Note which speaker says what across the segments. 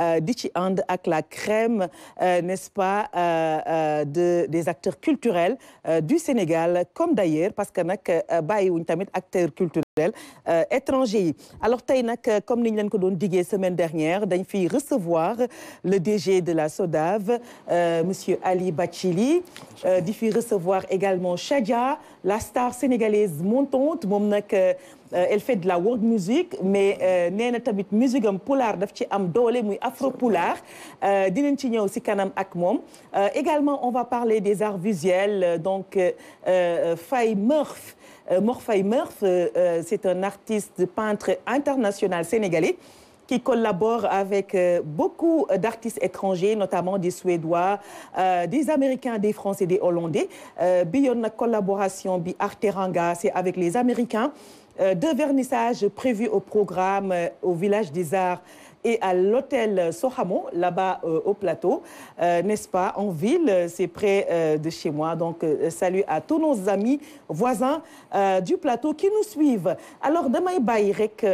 Speaker 1: Euh, di And la crème euh, n'est-ce pas euh, de des acteurs culturels du Sénégal comme d'ailleurs parce que y a tamit acteurs culturels euh, étrangers alors euh, comme nous l'avons dit la semaine dernière dañ fiy recevoir le DG de la SODAV euh, M. Ali Bachili, di fi recevoir également Shadia, la star sénégalaise montante elle fait de la world music mais nee na une musique polar, elle am afro polaire nous ci a aussi kanam ak également on va parler des arts visuels donc Faye Murph euh, Morfay Murph, euh, euh, c'est un artiste peintre international sénégalais qui collabore avec beaucoup d'artistes étrangers, notamment des Suédois, des Américains, des Français, des Hollandais. Euh, collaboration bi Arteranga, c'est avec les Américains. deux vernissages prévus au programme au Village des Arts et à l'hôtel Sohamo, là-bas euh, au plateau, euh, n'est-ce pas, en ville, c'est près euh, de chez moi. Donc, salut à tous nos amis voisins du plateau qui nous suivent. Alors, demain, Bayrek,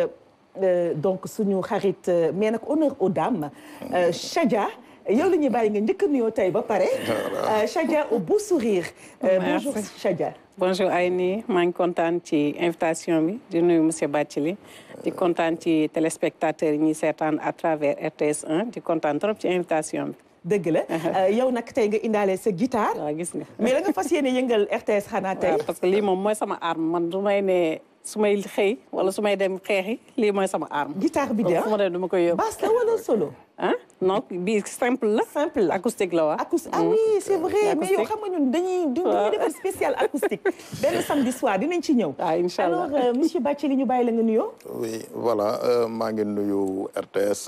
Speaker 1: donc, Sunyu Harit, mais honneur aux dames, Shadia. yow ni ñuy nga ñëk
Speaker 2: a
Speaker 1: Shadia au beau sourire. bonjour Shadia.
Speaker 2: bonjour Aïni maa ngi kontaan ci invitation bi di nuyu monsieur Bathily di kontaan ci téléspectateurs yi ñuy seetaan à travers RTS 1 di kontaan trop ci invitation bi.
Speaker 1: dëgg la euh, yow nag tey nga indaale sa guitare. waaw gis nga
Speaker 2: mais nga fas yéene yëngal RTS xanaa tey. parce que lii moom mooy sama arme man du ne. su may xëy wala su dem xexi li moy sama arme. guitare bi de ah dama koy wala solo. Hein? non bi simple la. simple acoustique la acoustique ah hmm. oui c'est
Speaker 1: vrai mais yow xam nga ñun dañuy dañuy defar spécial acoustique. ben samedi soir dinañ ci ñëw. ah alors euh, monsieur Bathily ñu bay la nga nuyo
Speaker 3: oui voilà euh, ma ngi nuyo RTS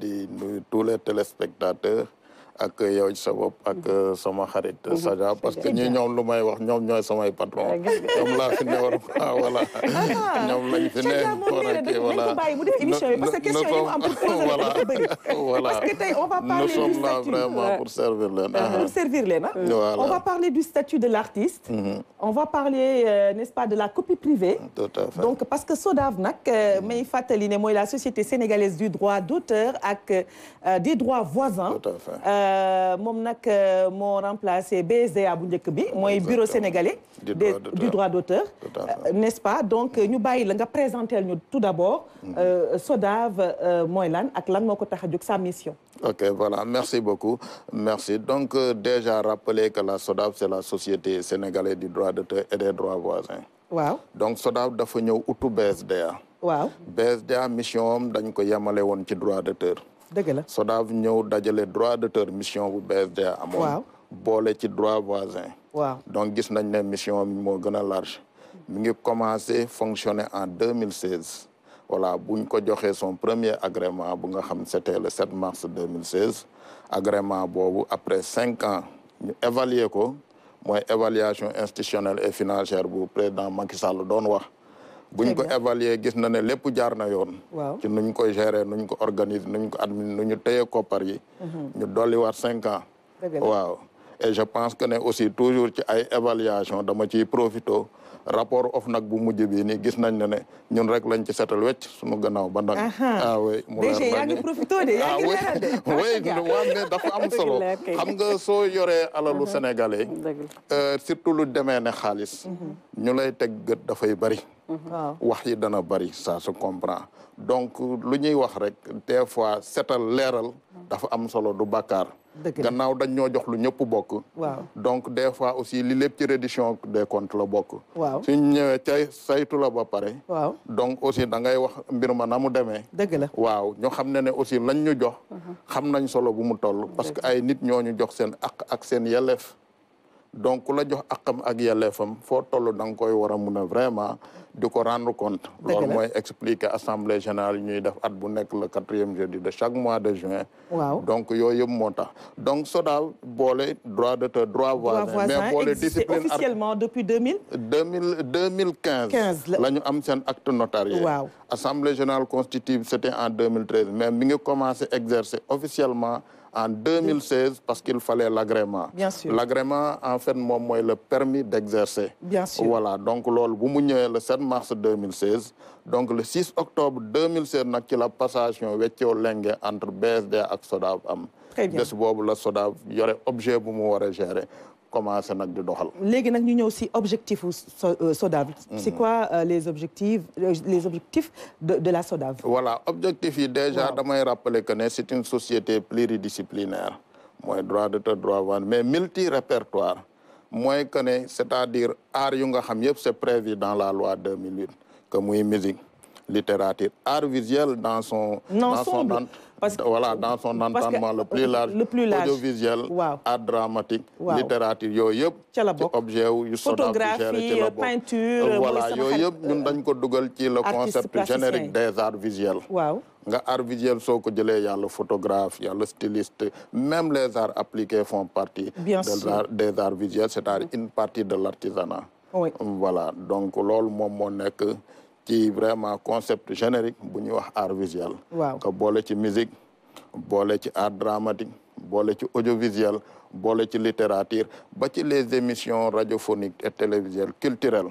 Speaker 3: di nuyo tous les téléspectateurs ak yow ci sa bopp ak mhm. sama xarit mhm. saja parce que ñi ñom lu may wax ñom ñoy sama patron ah, ñoom laa fi ne war a ah, voilà ah, ñoom lañ fi ne war a kii voilà nous sommes là vraiment pour servir les euh, pour
Speaker 1: servir les on va parler du statut de l'artiste mhm. on va parler euh, n'est-ce pas de la copie privée tout à fait donc parce que SODAV nak euh, may fàttali ne la société sénégalaise du droit d'auteur ak des droits voisins tout à fait euh, mom nak euh, mo remplacé BSDA le bureau sénégalais du droit d'auteur euh, n'est-ce pas donc ñu allons présenter tout d'abord mhm. SODAV moy lan ak lan sa mission
Speaker 3: ok voilà merci beaucoup merci donc déjà rappeler que la SODAV c'est la société sénégalaise du droit d'auteur et des droits voisins waaw donc SODAV dafa ñeu utu BSDA waaw BSDA mission dañ ko yamalé won ci droit d'auteur dëgg la SODAV ñëw dajale droit d'auteur mission bu BSDA amon waaw boole ci droit voisin donc gis nañ né mission mi moo large mi ngi commencé fonctionner en 2016 voilà buñ ko joxé son premier agrément bu nga xam c'était le 7 mars 2016 agrément après cinq ans ñu évaluer ko moy évaluation institutionnelle et financière bu président Macky Sall doon wax buñ ko évaluer gis na ne lépp jaar na yoon waaw ci nuñ koy gérer nuñ ko organiser nuñ ko admin nu ñu ko koppar yi mhm. ñu dolliwaat cinq ans waaw et je pense que ne aussi toujours ci ay évaluation dama ciy profito rapport nag bu mujj bii nii gis nañ ne ne ñun rek lañ ci seetal wecc suñu gannaaw ba nag ah oui mu leer yaa de yaa ah dafa am solo xam nga soo yoree alalu sénégalais euh, surtout lu demee ne xaalis mhm. ñu lay teg gët dafay bari mhm. wax yi dana bari ça se comprend donc lu ñuy wax rek te fois seetal leeral mhm. dafa am solo du bàkkaar gannaaw dañ ñoo jox lu ñëpp bokk waaw donc des fois aussi li lépp ci reddition des comptes la bokk waaw suñ ñëwee cay saytu la ba pare waaw donc aussi da ngay wax mbir ma na mu demee dëgg la waaw ñoo xam ne ne aussi lañ ñu jox uh-huh. xam nañ solo bu mu toll parce que ay nit ñoo ñu jox seen ak ak seen yelleef donc la jox akam ak yelleefam foo toll da koy war a mun a vraiment di ko rendre compte loolu mooy expliquer assemblée générale ñuy def at bu nekk le quatrième jeudi de chaque mois de juin waaw donc yooyu yëpp moo tax donc SODAV boole droit d'auteur droit voisin mais boole discipline officiellement
Speaker 1: depuis deux mille
Speaker 3: deux mille deux mille quinze am sen acte notarié waaw assemblée générale constitutive c'était en 2013 mais mi ngi commencé exercer officiellement en 2016 parce qu'il fallait l'agrément. Bien sûr. L'agrément, en fait, moi, le permis d'exercer. Bien sûr. Voilà, donc vous le 7 mars 2016 donc le 6 octobre 2016 a ci la passation weccoo lengue entre BSD et SODAV am. Très bien. Bés la SODAV objet bu mu war gérer commencé nak di doxal.
Speaker 1: légui ñu ñëw objectif euh, SODAV. Mhm. c'est quoi euh, les objectifs euh, les objectifs de la SODAV.
Speaker 3: voilà objectif yi déjà damay rappeler que c'est une société pluridisciplinaire moy droit te droit mais multi répertoire moy que c'est-à-dire art yu nga c'est prévu dans la loi 2008 comme une musique littérature art visuel dans son. dans son voilà dans son entendement le plus large. le plus large audiovisuel. art dramatique. littérature yop, objets, objet photographie peinture voilà yop, ñun dañ ko dougal le concept générique des arts visuels. waaw. nga art visuel le photographe, le y photographe le styliste même les arts appliqués font partie des arts visuels c'est-à-dire mm. une partie de l'artisanat voilà donc loolu mon nez, est vraiment un concept générique pour l'art art visuel. waaw nga musique l'art ci art dramatique l'audiovisuel, ci audiovisuel ci littérature ba les émissions radiophoniques et télévisuelles culturelles.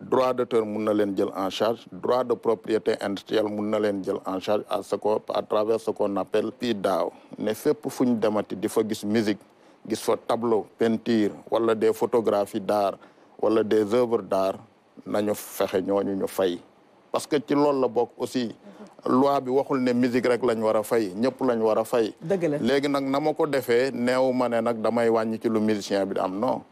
Speaker 3: droit d'auteur mun len en charge droit de propriété industrielle mun len en charge à ce qu'on à travers ce qu'on appelle PIDAO ne fait fu ñu demati di fa gis musique gis fa tableau peinture wala des photographies d'art wala des œuvres d'art nañu fexé ñooñu ñu fay parce que ci lool la bok aussi loi bi waxul ne musique rek lañ wara fay ñëpp lañ wara fay.
Speaker 1: dëgg la léegi
Speaker 3: nag na ma ko defee neewu damay wañ ci lu musicien bi am non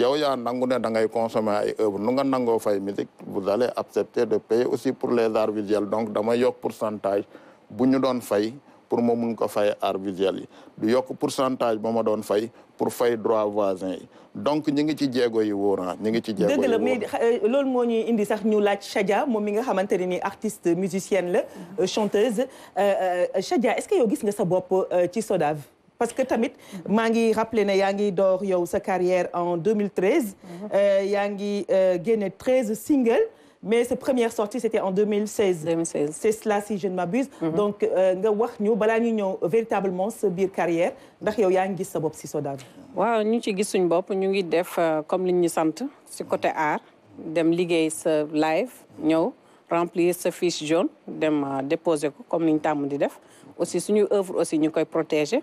Speaker 3: yow yaa nangu ne da ngay consommer ay œuvre nu nga nangoo fay musique vous allez accepter de payer aussi pour les arts visuels donc dama yokk pourcentage bu ñu doon fay pour mo mun ko fay art visuel yi du yokk pourcentage ba ma doon fay pour fay droit voisin yi donc ñi ngi ci jéego yi wóoraan ñi ngi ci jéego yi dëgg la
Speaker 1: euh, loolu moo ñuy indi sax ñu laaj Chadia moom mi nga xamante ni artiste musicienne la euh, chanteuse Chadia euh, est-ce que yow gis nga sa bopp ci Sodave parce que tamit maa ngi rappelé ne yaa ngi door yow sa carrière en 2013. yaa mhm. euh, euh génne 13 singles. mais sa première sortie c'était en 2016. 2016 c'est cela si je ne m'abuse. Mhm. donc euh, nga wax ñu balaa ñu véritablement sa bir carrière ndax yow yaa ngi gis sa bopp si Sodav.
Speaker 2: waaw ñu ci gis suñu Nous ñu ngi def euh, comme li ñu sant si côté art dem liggéey ce live ñëw remplir ce fiche jaune dem déposer ko comme ni ñu tàmm di def aussi suñuy œuvre aussi nous koy protéger.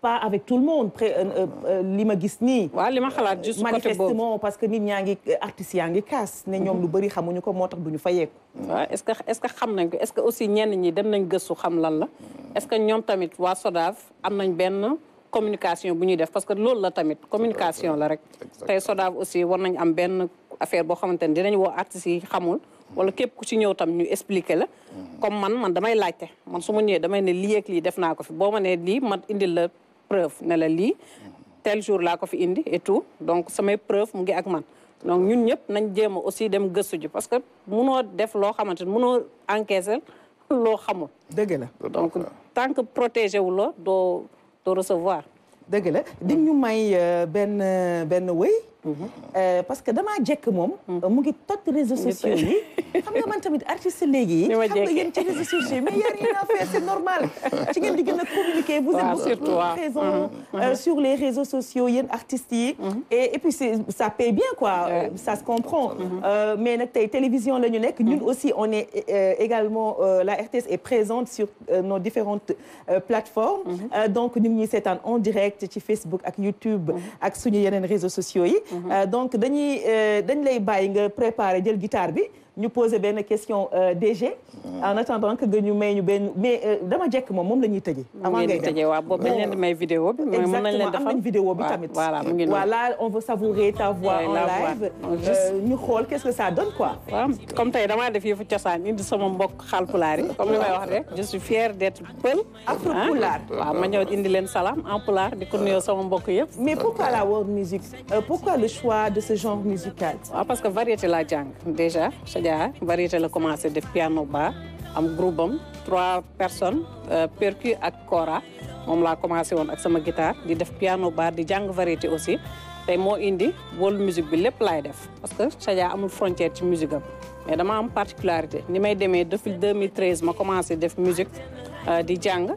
Speaker 1: pas avec tout le monde euh, euh, euh, li gis juste manifestement parce que nous artistes lu xamuñu ko
Speaker 2: est-ce que est-ce que xam est-ce que aussi ñi dem nañ xam lan est-ce que tamit communication buñu parce que la communication la rek. tay SODAV aussi war nañ am affaire bo dinañ artistes xamul. wala ku expliquer hmm. comme man man damay man preuve ne la lii tel jour laa ko fi indi et tout donc samay preuve mu ngi ak man donc ñun ñëpp nañ jéem a aussi dem gëstu ji parce que munoo def loo xamante ni munoo encaisser loo xamul. dëgg la donc tant que protégé wu la doo doo recevoir.
Speaker 1: dëgg la di ñu may euh, benn benn wéy. Euh, parce que dama jekk mom mm-hmm. mu ngi tot réseaux sociaux yi. xam nga man tamit artiste léegi xam nga ci réseaux sociaux mais y a rien à faire c'est normal. ci ngeen di gën communiquer vous êtes surtout présent mm-hmm. Euh, mm-hmm. sur les réseaux sociaux yéen artistes et et puis ça paye bien quoi. Euh, ça se comprend. mais nak tay télévision la ñu nous ñun aussi on est également la RTS est présente sur nos différentes plateformes. donc ñu ngi ñuy en direct ci Facebook ak YouTube. ak suñu yeneen réseaux sociaux yi. Euh, donc dañuy euh, dañ lay bàyyi nga préparer jël guitare bi ñu poser benn question euh, DG. Mm. en attendant que ñu may ñu benn mais euh, dama jekk moom moom la ñuy tëjee. avant ngay tëjee waaw boobu dañ leen di vidéo bi. mooy mën nañ leen defal exactement am nañ voilà voilà on veut savourer ta voix en live. Euh, ñu xool qu'est-ce que ça donne quoi.
Speaker 2: comme tey damaa def yëfu cosaan indi sama mbokk xalpulaar yi comme li may wax rek. je suis fière d'être pël. Hein. afropulaar waaw ma ñëw indi leen salaam en pulaar di ko nuyoo sama mbokk yëpp. mais pourquoi
Speaker 1: la world music pourquoi le choix de ce genre musical.
Speaker 2: parce que variété la jàng déjà Dia variété la commencé def piano ba am groupe am trois personnes euh, percu ak kora moom la commencé woon ak sama guitare di def piano ba di jàng variété aussi tey moo indi world musique bi lépp laay def parce que Sadia amul frontière ci musique am mais dama am particularité ni may demee depuis 2013 ma commencé def musique euh, di jàng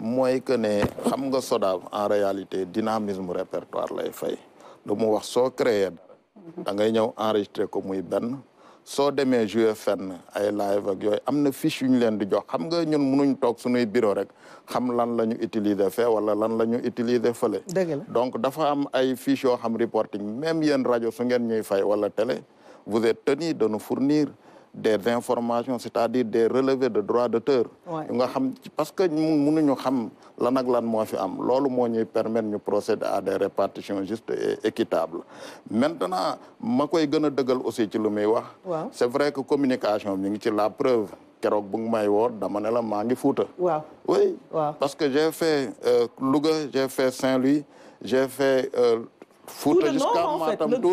Speaker 3: mooy que ne xam nga soda en réalité dynamisme répertoire lay fay lu mu wax soo créé da ngay ñëw enregistré ko muy benn soo demee joué fenn ay live ak yooyu am na fiche yu ñu leen di jox xam nga ñun mënuñ toog suñuy biro rek xam lan la ñu utiliser fee wala lan la ñu utiliser fële donc dafa am ay fiche yoo xam reporting même yéen rajo su ngeen ñuy fay wala télé vous êtes tenu de nous fournir des informations c'est-à-dire des relevés de droits d'auteur parce que nous, xam lan que lan avons fi am ce qui permet permettre procéder à des répartitions justes et équitables maintenant ma koy aussi ci lu c'est vrai que la communication c'est la preuve que bu ngi may woo dama ne la maa oui parce que j'ai fait euh, Louga j'ai fait Saint-Louis j'ai fait euh, tout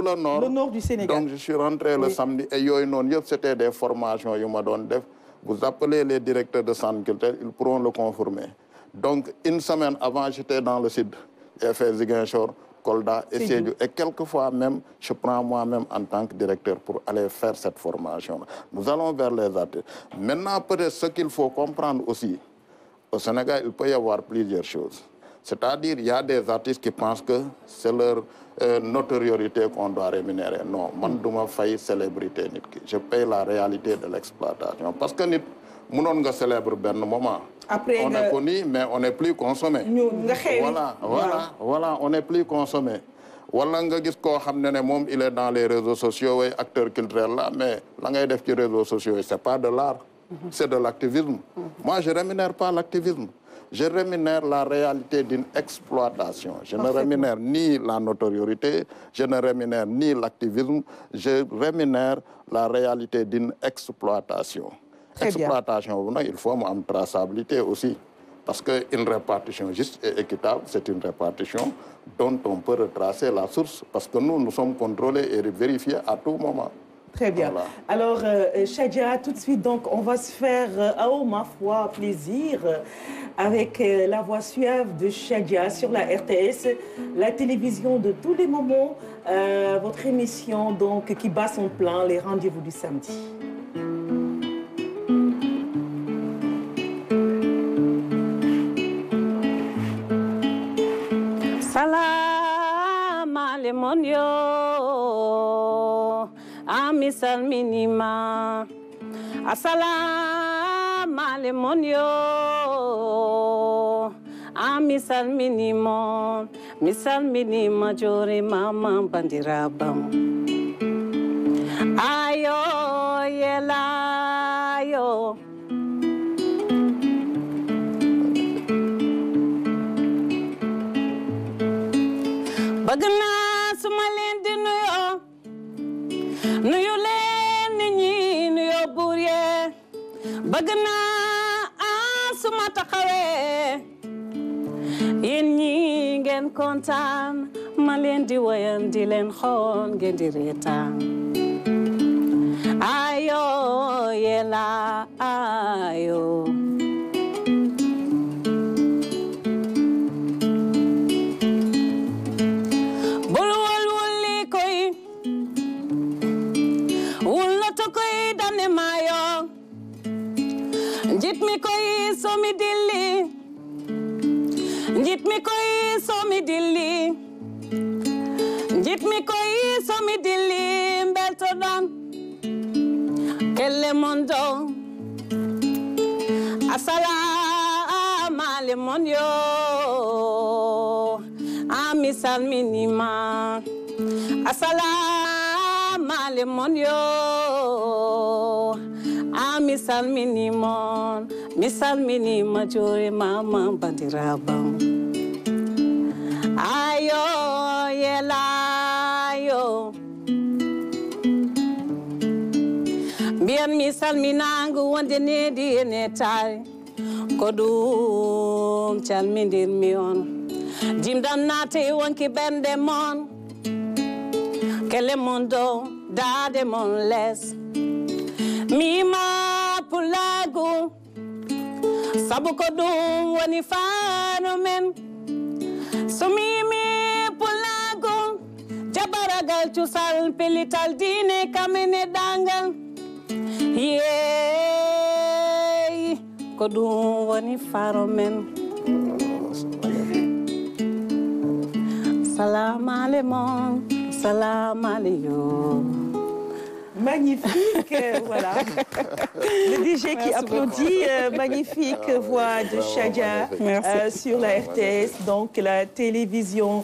Speaker 3: le nord du Sénégal donc je suis rentré le samedi et yoy non, c'était des formations vous appelez les directeurs de centre culturel ils pourront le conformer. donc une semaine avant j'étais dans le sud j'ai fait Ziguinchor Kolda et quelques et quelquefois même je prends moi-même en tant que directeur pour aller faire cette formation nous allons vers les athées. maintenant peut ce qu'il faut comprendre aussi au Sénégal il peut y avoir plusieurs choses c'est-à-dire, il y a des artistes qui pensent que c'est leur euh, notoriété qu'on doit rémunérer. Non, je ne fay pas une célébrité, Je paye la réalité de l'exploitation parce que nous ne nga ben moment. on est connu mais on n'est plus consommé. Voilà, voilà, voilà, on n'est plus consommé. il est dans les réseaux sociaux et acteur culturel là mais la réseaux sociaux c'est pas de l'art mhm. c'est de l'activisme mhm. moi je ne rémunère pas l'activisme je rémunère la réalité d'une exploitation. Je ne rémunère ni la notoriété, je ne rémunère ni l'activisme, je rémunère la réalité d'une exploitation. exploitation, il faut une traçabilité aussi. Parce qu'une répartition juste et équitable, c'est une répartition dont on peut retracer la source. Parce que nous, nous sommes contrôlés et vérifiés à tout moment. Très bien.
Speaker 1: Alors, Chadia, euh, euh, Shadia, tout de suite, donc, on va se faire, euh, à oh ma foi, plaisir, avec la voix suave de Shadia sur la RTS, la télévision de tous les moments, votre émission donc qui bat son plein, les rendez-vous du samedi.
Speaker 2: Salam ami salminima assalamu alemon yo ami salminimo mi salminima jore mama bandirabam bëgg naa su ma taxawee yéen ñi ngeen kontaan ma leen di woyan di leen xool ngeen di reetaan ayo yela ayo mi koi so mi dilli jit mi koi so mi dilli mbeltoɗon kelle mon dow asalamale mon yo an mi salminima asalamale mon yo an mi salminimon mi salminima jurimama bandiraɓam ayo yelayo mbiyan misal minangu wonde nedi ene taari ko ɗum calmidirmi on jimɗan naate wonki ɓernde moon kele mon dow daade mon les mima pulago Sabu ko wani fano men Sumimi pulago Jabaragal chusal pelital dine kamene danga Yey Ko dum wani faro men Salam alemon, salam
Speaker 1: magnifique, euh, voilà. Le DJ qui applaudit, euh, magnifique ah, voix de Shadia euh, sur la ah, RTS, donc la télévision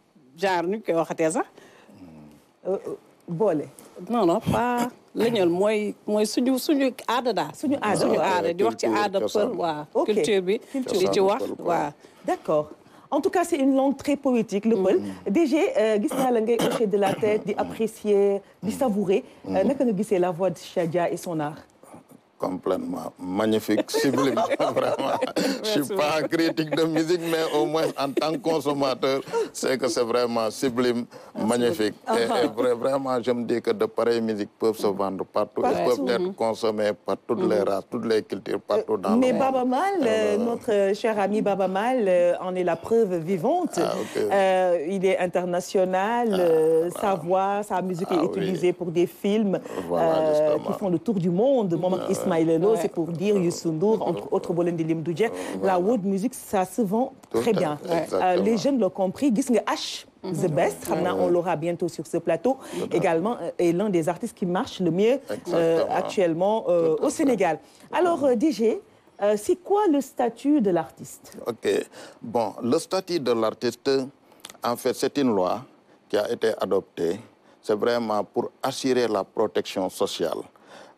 Speaker 2: genre nuñ koy waxatee sax euh, euh, Bolé. non non pas léñal mooy mooy suñu suñu aada daal suñu aada suñu ah, aada di wax ci aada pël waaw culture bi di ci wax waaw
Speaker 1: d'accord En tout cas, c'est une langue très poétique, le peul. Mm. DG, gis naa la ngay hocher de la tête, d'apprécier, mm. apprécier, di savourer. Mm. Euh, naka nga la voix de Chadia et son art
Speaker 3: complètement magnifique, sublime, vraiment. je suis pas critique de musique, mais au moins en tant que consommateur, c'est que c'est vraiment sublime, magnifique. et, uh-huh. vraiment, je me dis que de pareilles musiques peuvent se vendre partout, peuvent être consommées par toutes les mm-hmm. races, toutes les cultures, partout dans le monde. Mais Baba
Speaker 1: Mal, ah, euh, notre cher ami Baba Mal, euh, en est la preuve vivante. Ah, euh, il est international, ah, sa voix, sa musique est utilisée pour des films qui font le tour du monde. Moment Maïlelo, c'est pour dire Yusundur, entre autres Lim Doudjer. La wood music, ça se vend très bien. Euh, les jeunes l'ont compris. H, mhm. The Best, on l'aura bientôt sur ce plateau, également euh, est l'un des artistes qui marche le mieux euh, actuellement au Sénégal. Alors, DG, c'est quoi le statut de
Speaker 3: l'artiste Ok. Bon, le statut de l'artiste, en fait, c'est une loi qui a été adoptée. C'est vraiment pour assurer la protection sociale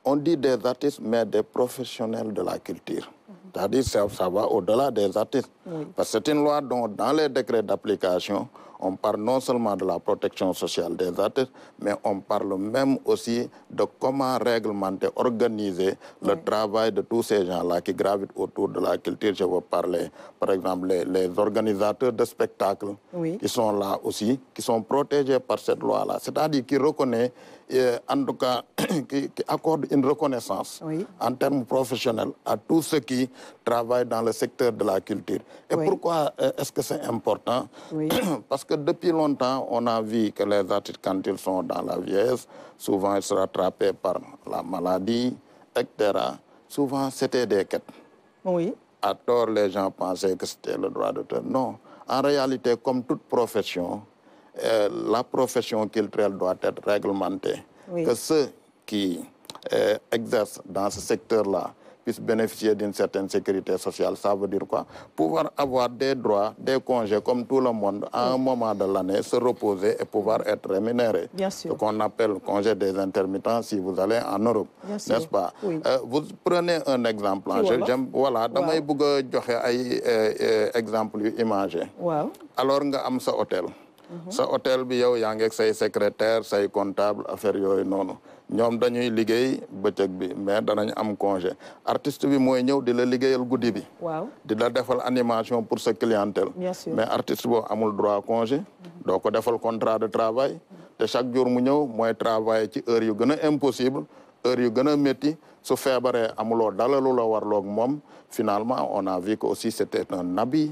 Speaker 3: on dit des artistes, mais des professionnels de la culture. C'est-à-dire que ça va au-delà des artistes. Parce que c'est une loi dont, dans les décrets d'application, on parle non seulement de la protection sociale des artistes, mais on parle même aussi de comment réglementer, organiser le travail de tous ces gens-là qui gravitent autour de la culture. Je veux parler, par exemple, les, organisateurs de spectacles qui sont là aussi, qui sont protégés par cette loi-là. C'est-à-dire qu'ils reconnaît et en tout cas qui, accorde une reconnaissance en termes professionnels à tous ceux qui travaillent dans le secteur de la culture. Et pourquoi euh, est-ce que c'est important Parce que depuis longtemps, on a vu que les artistes, quand ils sont dans la vieillesse, souvent ils sont rattrapés par la maladie, etc. Souvent, c'était des quêtes. Oui. À tort, les gens pensaient que c'était le droit d'auteur. Non. En réalité, comme toute profession, euh, la profession culturelle doit être réglementée. Que ceux qui euh, exercent dans ce secteur-là puissent bénéficier d'une certaine sécurité sociale. Ça veut dire quoi Pouvoir avoir des droits, des congés comme tout le monde à un moment de l'année, se reposer et pouvoir être rémunéré. Ce qu'on appelle congé des intermittents si vous allez en Europe, n'est-ce pas euh, Vous prenez un exemple. Hein. voilà, Dans bëgg un exemple imagé. Alors nga am hôtel sa hôtel bi yow yaa ngi say secrétaire say comptable affaire yooyu noonu ñoom dañuy liggéey bëccëg bi mais danañ am congé artiste bi mooy ñëw di la liggéeyal guddi bi waaw di la defal animation pour sa clientèle mais artiste boo amul droit congé doo ko defal contrat de travail te chaque jour mu ñëw mooy travail ci heure yu gën a impossible heure yu gën a métti su feebaree amuloo dalalu la warloog moom finalement on a vu que aussi c'était un habit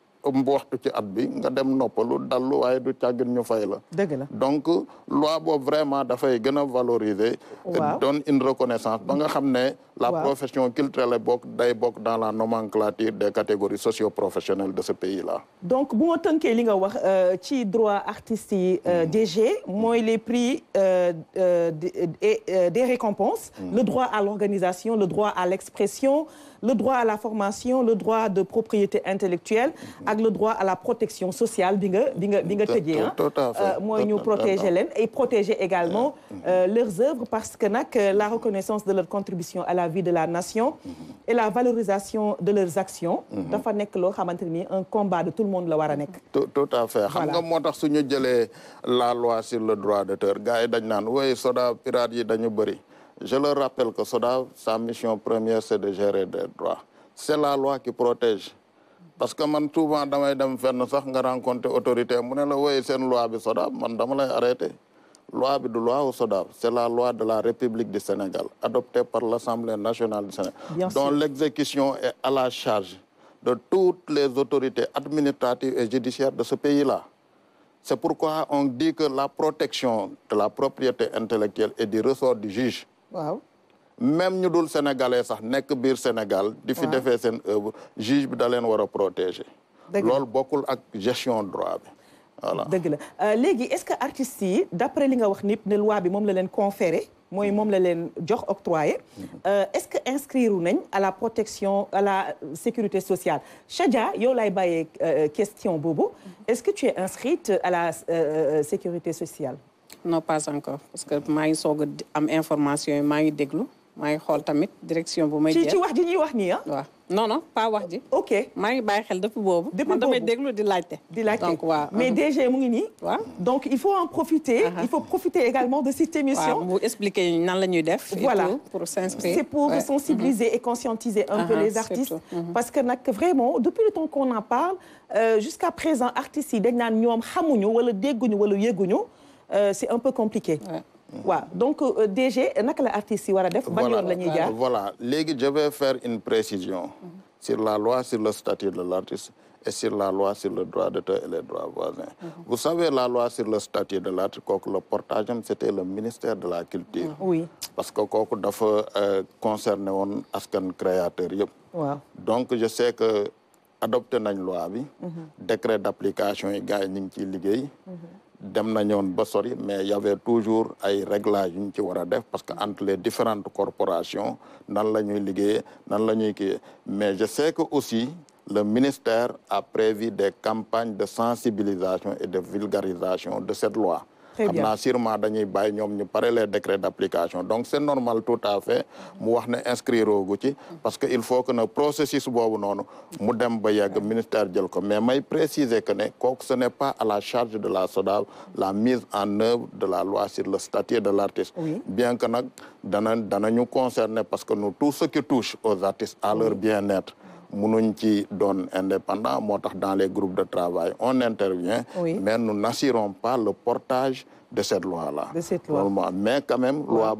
Speaker 3: ëmb waxtu ci at bi nga dem noppalu dallu waaye du càggin ñu fay la dëgg la donc loi boobu vraiment dafay gën a valoriser don une reconnaissance ba nga xam ne la profession culturelle est day dans la nomenclature des catégories socio-professionnelles de ce pays-là.
Speaker 1: donc si vous avez li nga wax euh, droit artistes euh, mm. DG les prix euh, des récompenses. Mm. le droit à l'organisation le droit à l'expression le droit à la formation le droit de propriété intellectuelle mm-hmm. avec le droit à la protection sociale bi nga bi nga hein. et protéger également mm-hmm. leurs œuvres parce que la reconnaissance de leur contribution à la vie de la nation et la valorisation de leurs actions. dafa nekk loo un combat de tout le monde la war
Speaker 3: tout à fait xam nga moo tax su la loi sur le droit d'auteur gars gens dañ et oui soda pirate yi dañu je le rappelle que soda sa mission première c'est de gérer des droits c'est la loi qui protège. parce que man souvent quand dem fenn sax nga rencontrer autorité mu ne la woy loi bi soda man dama lay arrêter loi bi loi au c'est la loi de la République du Sénégal adoptée par l'Assemblée nationale du Sénégal dont l'exécution est à la charge de toutes les autorités administratives et judiciaires de ce pays-là. C'est pourquoi on dit que la protection de la propriété intellectuelle est du ressort du juge. même nous, les sénégalais sax sommes biir Sénégal. di fi juge bi protéger. ak gestion droit voilà
Speaker 1: euh, est-ce que l'artiste, d'après li nga wax ni la loi bi moom la leen conféré euh, est-ce que inscrire à la protection à la sécurité sociale Chadia y a une question bobo, est-ce que tu es inscrite à la euh, sécurité sociale non pas encore parce que
Speaker 2: ma ngi soog am information yi ngi déglu maa xol tamit direction bu may. ci ci wax ji ñuy wax
Speaker 1: ni ah. non non pas wax ji. ok maa bay xel depuis bobu depuis boobu damay déglu di laajte. di laajte donc mais déjà, mu ngi donc il faut en profiter. Uh-huh. il faut profiter également de cette émission.
Speaker 2: Vous expliquez expliquer nan la ñuy def. voilà pour s'inscrire c'est pour sensibiliser
Speaker 1: mm-hmm. et conscientiser un uh-huh, peu les artistes. Mm-hmm. parce que nak vraiment depuis le temps qu'on en parle euh, jusqu'à présent artistes yi dañ naan ñoom xamuñu wala dégguñu wala yëguñu euh, c'est un peu compliqué donc euh, DG la
Speaker 3: voilà euh, je vais faire une précision. Mhm. sur la loi sur le statut de l'artiste et sur la loi sur le droit d'auteur et les droits voisins. Mhm. vous savez la loi sur le statut de l'artiste le portage c'était le ministère de la culture. oui parce que ça dafa euh, concerner woon askan créateur donc je sais que adopter une loi bi. Mhm. décret d'application yi gars yi mais il y avait toujours des réglages parce que entre les différentes corporations mais je sais que aussi le ministère a prévu des campagnes de sensibilisation et de vulgarisation de cette loi très bien xam naa dañuy bàyyi ñoom ñu pare les décrets d' donc c' normal tout à fait mu wax ne inscrire gu ci parce que il faut que ne processus boobu noonu mu dem ba yegg ministère jël ko mais may préciser que ne kooku ce n' est pas à la charge de la SODAV la mise en œuvre de la loi sur le statut de l' artiste bien que nag dana dana ñu concerner parce que nous tout ce qui touche aux artistes à leur bien-être mënuñ ci doon indépendant dans les groupes de travail on intervient mais nous n'assurons pas le portage de cette loi là mais quand même loi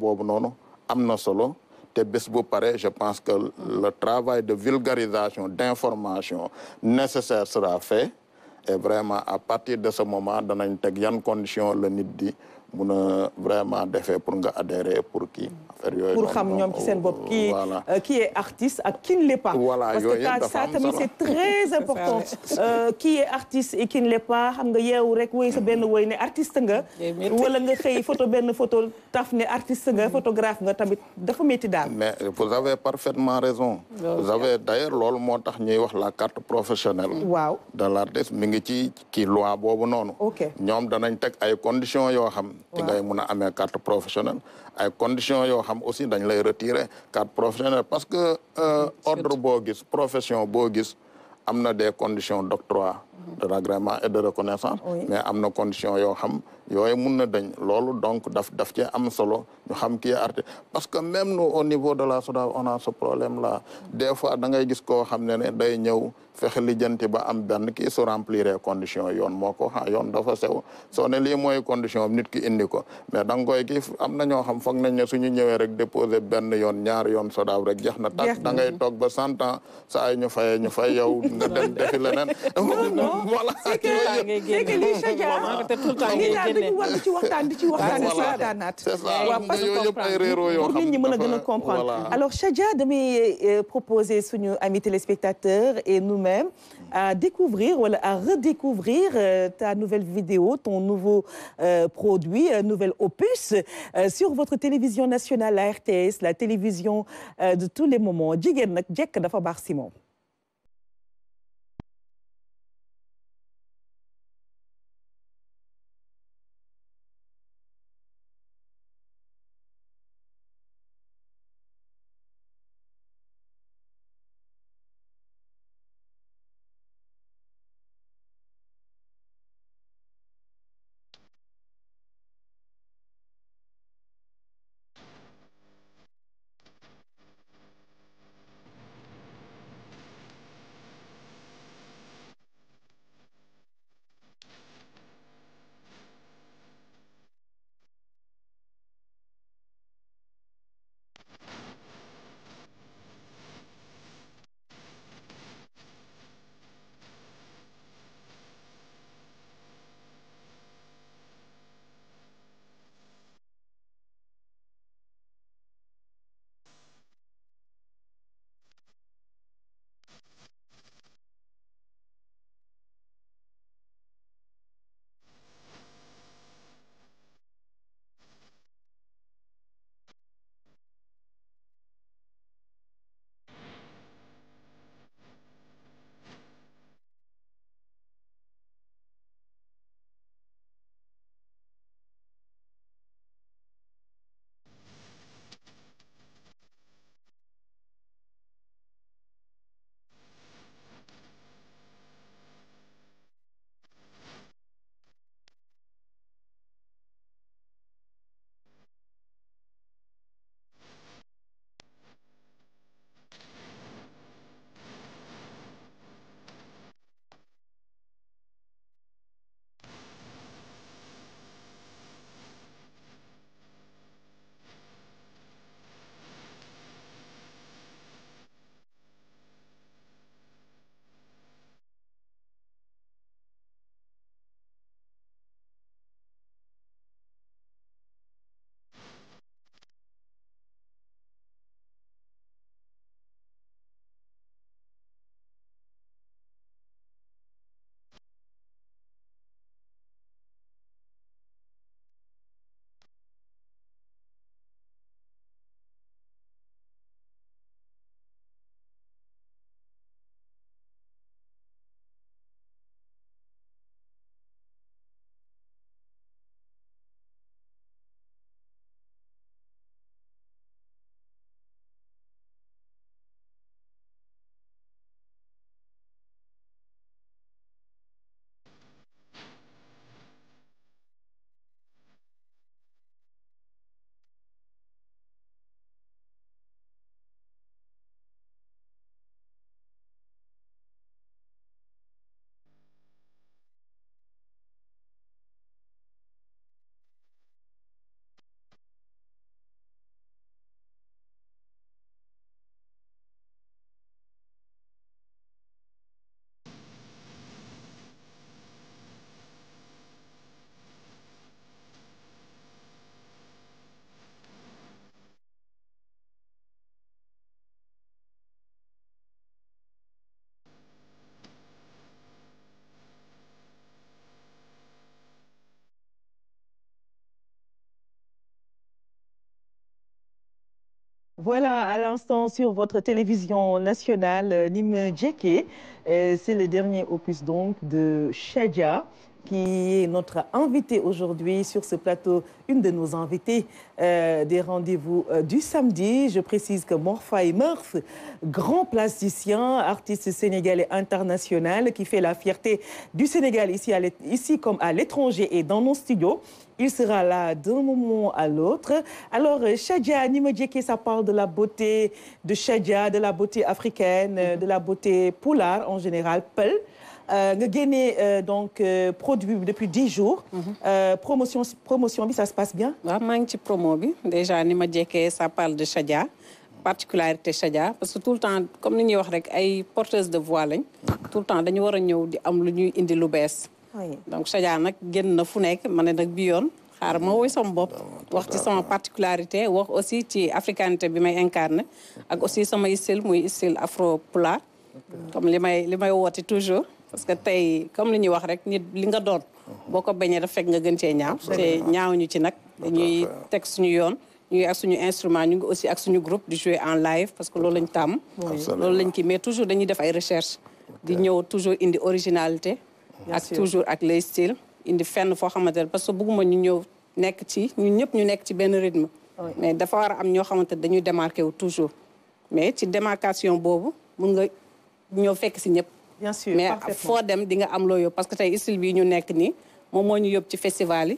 Speaker 3: solo je pense que le travail de vulgarisation d'information nécessaire sera fait et vraiment à partir de ce moment dans une yan condition le nit di vraiment defee pour nga adhérer pour qui pour xam ñom ci seen
Speaker 1: bopp ki qui euh, est artiste ak qui ne l'est pas parce que ça c'est très important euh, qui est artiste et qui ne l'est pas xam nga yeewu rek woy sa ben woy ne artiste nga wala nga xey photo ben photo taf ne artiste nga mm-hmm. photographe nga tamit dafa metti dal
Speaker 3: mais vous avez parfaitement raison vous avez d'ailleurs lool motax ñuy wax la carte professionnelle waaw de l'artiste mi ngi ci ki loi boobu noonu ñoom danañ tek ay conditions yo xam ti ngay mëna amé carte professionnelle les conditions yoo aussi dañ lay retirer carte professionnels. parce que euh, ordre boo la profession boo gis des conditions doctroires. de l'agrément et de reconnaissance mais am na condition yoo xam yooyu mun na dañ loolu donc daf daf cee am solo ñu xam kii artiste parce que même nous au niveau de la SODAV on a ce problème là des fois gis koo xam ne ne day ñëw fexe lijjanti ba am benn ki su remplir condition yoon moo ko xa yoon dafa sew soo ne lii mooy condition nit ki indi ko mais da nga koy am na ñoo xam foog nañ ne suñu ñëwee rek déposer benn yoon ñaar yoon SODAV rek jeex na tàkk da ngay toog ba cent ans saa ñu fayee ñu fay yow nga Alors, c'est que me
Speaker 1: Chadia alors euh, proposer à amis téléspectateurs et nous-mêmes à découvrir ou à redécouvrir euh, ta nouvelle vidéo ton nouveau euh, produit nouvel opus sur votre télévision nationale la RTS la télévision de tous les moments jigéen n'ak jekk dafa Voilà, à l'instant, sur votre télévision nationale, euh, Nim Djeké, euh, c'est le dernier opus donc de Shadia, qui est notre invité aujourd'hui sur ce plateau, une de nos invités euh, des rendez-vous euh, du samedi. Je précise que Morpha Murph, grand plasticien, artiste sénégalais international qui fait la fierté du Sénégal ici, ici comme à l'étranger et dans nos studios. Il sera là d'un moment à l'autre. Alors, euh, Shadia Nimodjeke, ça parle de la beauté de Shadia, de la beauté africaine, de la beauté polar en général, Peul. Euh, nga génnee euh, donc euh, produit depuis dix jours. Mhm. promotion promotion bi ça se passe bien. waaw maa ngi ci promo bi
Speaker 2: déjà ni ma ça parle de Chadia particularité Chadia parce que tout le temps comme nous ñuy wax rek ay porteuses de voile, tout le temps dañu war a ñëw di am lu ñuy indi lu bees. donc Chadia nag génn na fu nekk ma ne nag bi yoon. xaar ma woy sama bopp wax ci sama particularité wax aussi ci africanité bi may incarné ak aussi sama style muy style afro pulaar comme les may les may toujours parce que tey comme li ñuy wax rek nit li nga doon boo ko bañee daf fekk nga gën cee ñaaw te ñaaw ñu ci nag dañuy teg suñu yoon ñu ak suñu instrument ñu aussi ak suñu groupe de jouer en live parce que loolu lañ tàmm loolu lañ kii mais toujours dañuy def ay recherche di ñëw toujours indi originalité ak toujours ak les styles indi fenn foo xamante ne parce que bëgguma ñu ñëw nekk ci ñun ñëpp ñu nekk ci benn rythme mais dafa war am ñoo xamante ne dañuy démarqué toujours mais ci démarcation boobu mun nga ñëw fekk si ñëpp bien sûr mais dem parce que c'est ici festival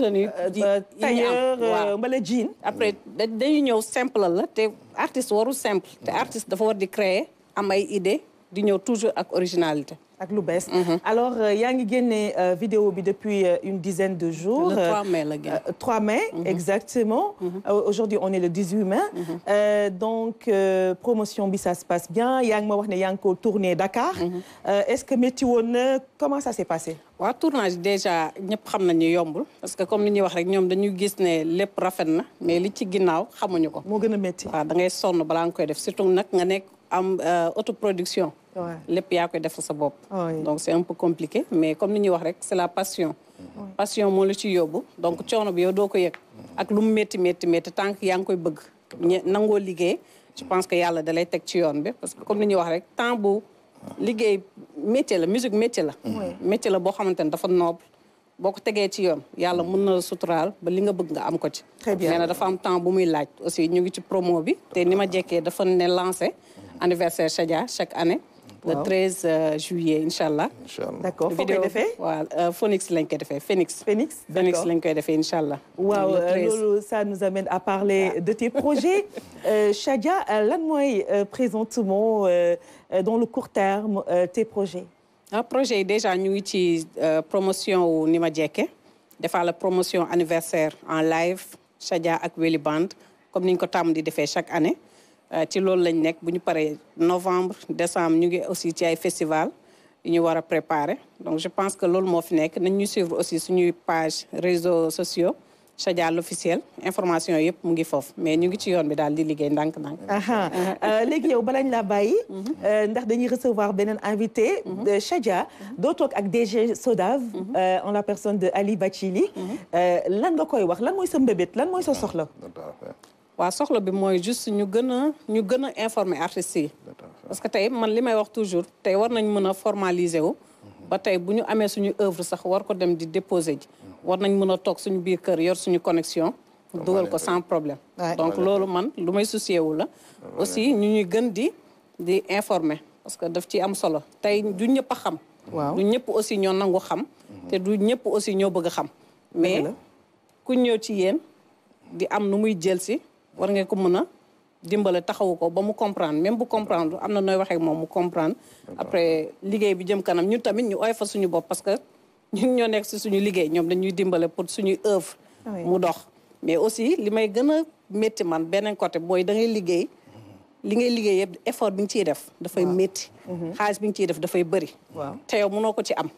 Speaker 2: tenue euh, euh, tailleur euh, mbala jean après dañuy ñëw simple la te artiste warul simple te artiste dafa war di créer am ay idée di ñëw toujours ak originalité.
Speaker 1: ak lu bess mhm. alors euh, yaa ngi génnee euh, vidéo bi depuis euh, une dizaine de jours. le 3 mai la génn. 3 mai mhm. exactement. Mhm. aujourd'hui on est le 18 mai. donc promotion bi ça se passe bien yaa ngi ma wax né yaa ngi ko tourner Dakar. est-ce que métti woon comment ça s'est passé.
Speaker 2: wa tournage déjà ñep xam nañu yombul parce que comme ni ñi wax rek ñom dañuy gis né lepp rafet na mais li ci ginnaw xamuñu ko. mo gëna metti wa da ngay sonn balaa nga koy def surtout nak nga nek am autoproduction lépp yaa koy defal sa bopp donc c'est un peu compliqué mais comme ni ñuy wax rek c'est la passion passion moo la ci yóbbu donc coono bi yow doo ko yëg ak lu mu métti métti métti tant que yaa ngi koy bëgg nangoo liggéey je pense que yàlla da lay teg ci yoon bi parce que comme ni ñuy wax rek temps bu liggéey métier la musique métier la métier la boo xamante ne dafa noble boo ko tegee ci yoon yàlla mën na suturaal ba li nga bëgg nga am ko ci mais na dafa am temps bu muy laaj aussi ñu ngi ci promo bi te ni ma jekkee dafa ne lancé anniversaire Chadia chaque année le 13 euh, juillet Inch'Allah. d'accord Phoenix lañ de fait, Phoenix. Phoenix Phoenix lañ koy defee Inch'Allah.
Speaker 1: ça nous amène à parler ah. de tes projets. Chadia euh, euh, lan moi présentement dans le court terme tes projets. Un ah, projet déjà
Speaker 2: nous utilisons la promotion au Nima ma de faire la promotion anniversaire en live Shadia avec Willy Band comme nous avons ko chaque année. Euh, ci loolu lañ nekk bu ñu paree novembre décembre ñu ngi aussi ci ay festival yu ñu war a préparer donc je pense que loolu moo fi nekk nañ ñu suivre aussi suñuy page réseaux sociaux Chadial officiel information yëpp mu ngi foofu mais ñu ngi ci yoon bi daal di liggéey ndànk-ndànk.
Speaker 1: Euh, léegi yow balañ laa bàyyi. Mhm. Euh, ndax dañuy recevoir beneen invité. Mhm. de Chadia mhm. doo toog ak DG Sodav. en la personne de Ali Bachili. lan nga koy wax lan mooy sa mbébét lan mooy sa ah, soxla
Speaker 2: wa soxla bi mooy juste ñu gën ñu informer artistes parce que tey man li wax toujours tey war nañ mën formaliser wu mhm. ba tey bu ñu amee suñu œuvre sax war ko dem di déposer ji mhm. war nañ mën a toog suñu biir kër yor suñu connexion double ko sans problème donc loolu man lu may wu la aussi ñu ñuy gën di di informer parce que daf ci am solo tey du ñëpp a xam du ñëpp aussi ñoo nangu xam mhm. te du ñëpp aussi ñoo bëgg xam mais ku ñëw ci yéen di am nu muy jël si war ngeen ko mën a dimbale taxawu ko ba mu comprendre même bu comprendre am na nooy waxee moom mu comprendre après liggéey bi jëm kanam ñun tamit ñu oy fa suñu bopp parce que ñu ñoo nekk si suñu liggéey ñoom dañuy dimbale pour suñuy œuvre mu dox mais aussi li may gën a métti man beneen côté mooy dangay liggéey li ngay liggéey yëpp effort bi nga ciy def dafay métti mhm. xaalis bi nga ciy def dafay bëri te yow mënoo ko ci am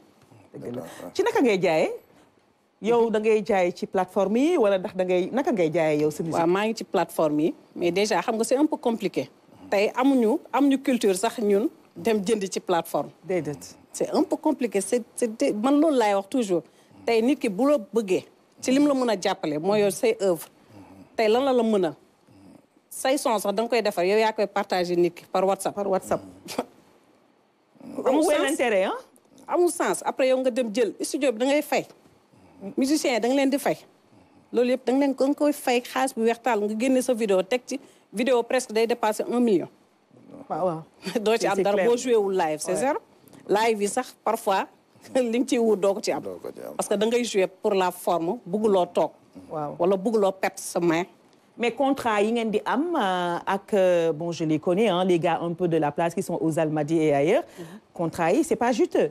Speaker 2: ci naka ngay jaayee yow da ngay jaay ci plateforme yi wala ndax da ngay naka ngay jaayee yow sa musique maa ngi ci plateforme yi mais déjà xam nga c'est un peu compliqué tey am ñu culture sax ñun dem jënd ci plateforme déedéet c'est un peu compliqué man loolu laay wax toujours tey nit ki bu la bëggee ci lim la mën a jàppale mooy yow say œuvre tey lan la la mën a say son sax da koy defar yow yaa koy partager nit ki par WhatsApp par WhatsApp amul sens amul sens après yow nga dem jël studio bi da fay musiciens yi da leen di fay loolu yëpp da nga leen ko nga koy fay xaalis bu weextaal nga génne sa vidéo teg ci vidéo presque day dépasser un million waaw waaw doo ci am dara boo joué wul live c'est ça live yi sax parfois li ci ciy wut doo ko ci am parce que da ngay joué pour la forme bugguloo toog waaw wala
Speaker 1: bugguloo perte sa main mais contrat yi ngeen di am euh, ak euh, bon je les connais hein les gars un peu de la place qui sont aux Almadies et ailleurs mm-hmm. contrat yi c'est pas juteux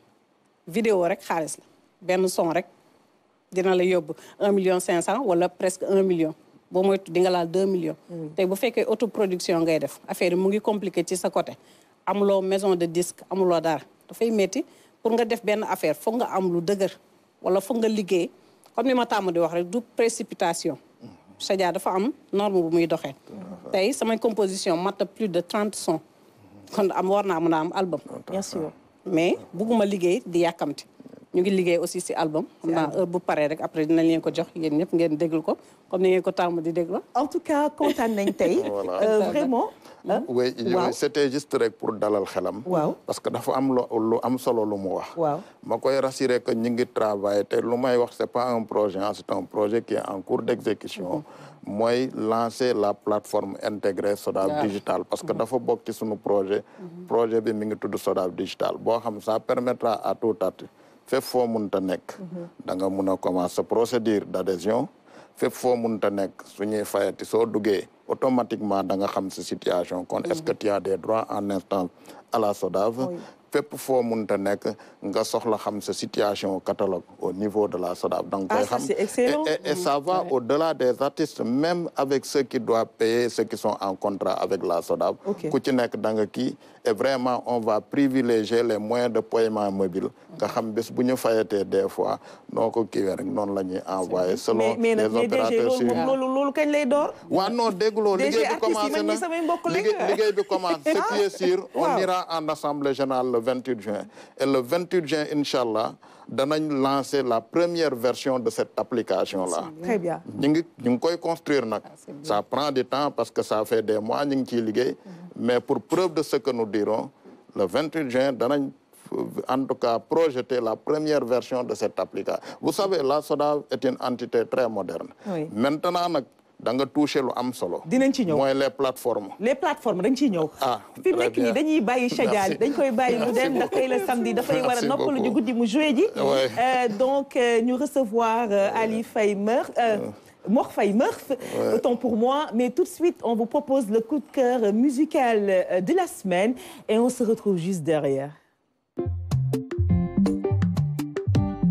Speaker 2: vidéo rek xaalis la son rek dina la million cinq wala presque 1 million bo moy millions mm. bu autoproduction ngay def affaire ngi compliqué ci maison de disque dara pour nga def affaire nga am lu Il wala fo nga comme ni ma di wax rek précipitation mm. Sadia norme bu
Speaker 1: mm.
Speaker 2: composition matte plus de 30 sons kon am album mais bugguma liggéey di yàkkamti Nous avons aussi si album On naa heure bu paree rek après dinañ leen ko jox yéen ñëpp comme ni ko di en tout cas kontaan nañ tey euh, vraiment
Speaker 3: hein? mm-hmm. oui c'était juste pour dalal xelam parce que dafa am lu am solo lu mu wax waaw rassuré que nous avons travaillé. Ce n'est pas un projet hein, c'est un projet qui est en cours d'exécution mm-hmm. mooy lancer la plateforme intégrée SODAV digital parce que mm-hmm. dafa avons ci suñu projet projet de mi SODAV digital ça permettra à tout monde fépp foo munta nek mhm. da nga commencer procédure d'adhésion fépp foo munta nek suñuy fayati so automatiquement da nga xam situation est-ce que mhm. tu as des droits en instance à la SODAV fépp foo munta nek nga soxla xam sa situation catalogue au niveau de la SODAV donc ah, et ça va au-delà des artistes même avec ceux qui doivent payer ceux qui sont en contrat avec la SODAV ku ci qui da nga et vraiment on va privilégier les moyens de paiement mobile nga xam bés bu ñu fayatee des fois noo ko kiiwee rek noonu la ñuy envoyé selon les opérateurs suivi loolu loolu kañ lay door waaw non dégguloo liggéey bi commencé na liggéey bi commencé ce qui est sûr on ira en assemblée générale le 28 juin et le 28 juin inshallah, on va lancer la première version de cette application là très bien On va construire ça. Ah, ça prend du temps parce que ça fait des mois ñu ngi ciy mais pour preuve de ce que nous dirons le 28 juin danañ en tout cas projeter la première version de cette application vous savez la Soda est une entité très moderne maintenant dans le toucher le lu am solo. les plateformes. les plateformes dañ ciy ñëw. ah fi mu nekk nii dañuy bàyyi Chadial dañ koy bàyyi mu dem samedi, tey samedi dafay war a noppalu
Speaker 1: ju guddi mu joué ji. Euh, donc nous euh, recevoir euh, Ali Faye Meur. Morphy Murph, autant pour moi. Mais tout de suite, on vous propose le coup de cœur musical euh, de la semaine et on se retrouve juste derrière.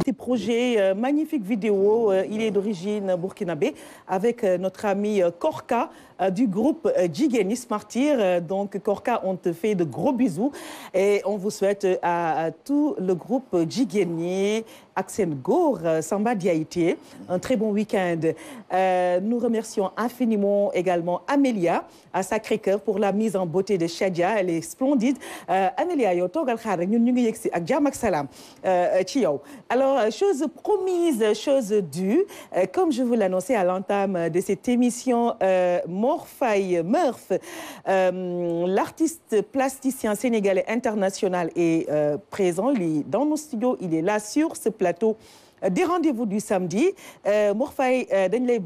Speaker 1: Ces projets, euh, magnifique magnifiques vidéos, euh, il est d'origine burkinabé avec notre ami Korka du groupe Jigenis Martyr. Donc Korka, on te fait de gros bisous et on vous souhaite à, à tout le groupe Jigenis Axel Gore euh, Samba Diaïté. un très bon week-end euh, nous remercions infiniment également Amélia à Sacré-Cœur pour la mise en beauté de Shadia elle est splendide euh, Amélia yow toogal xaar alors chose promise chose due comme je vous l'annonçais à l'entame de cette émission euh, Murph, l'artiste plasticien sénégalais international est présent dans nos studios il est là sur ce plateau euh, des rendez-vous du samedi euh, Mor Faye euh, dañ lay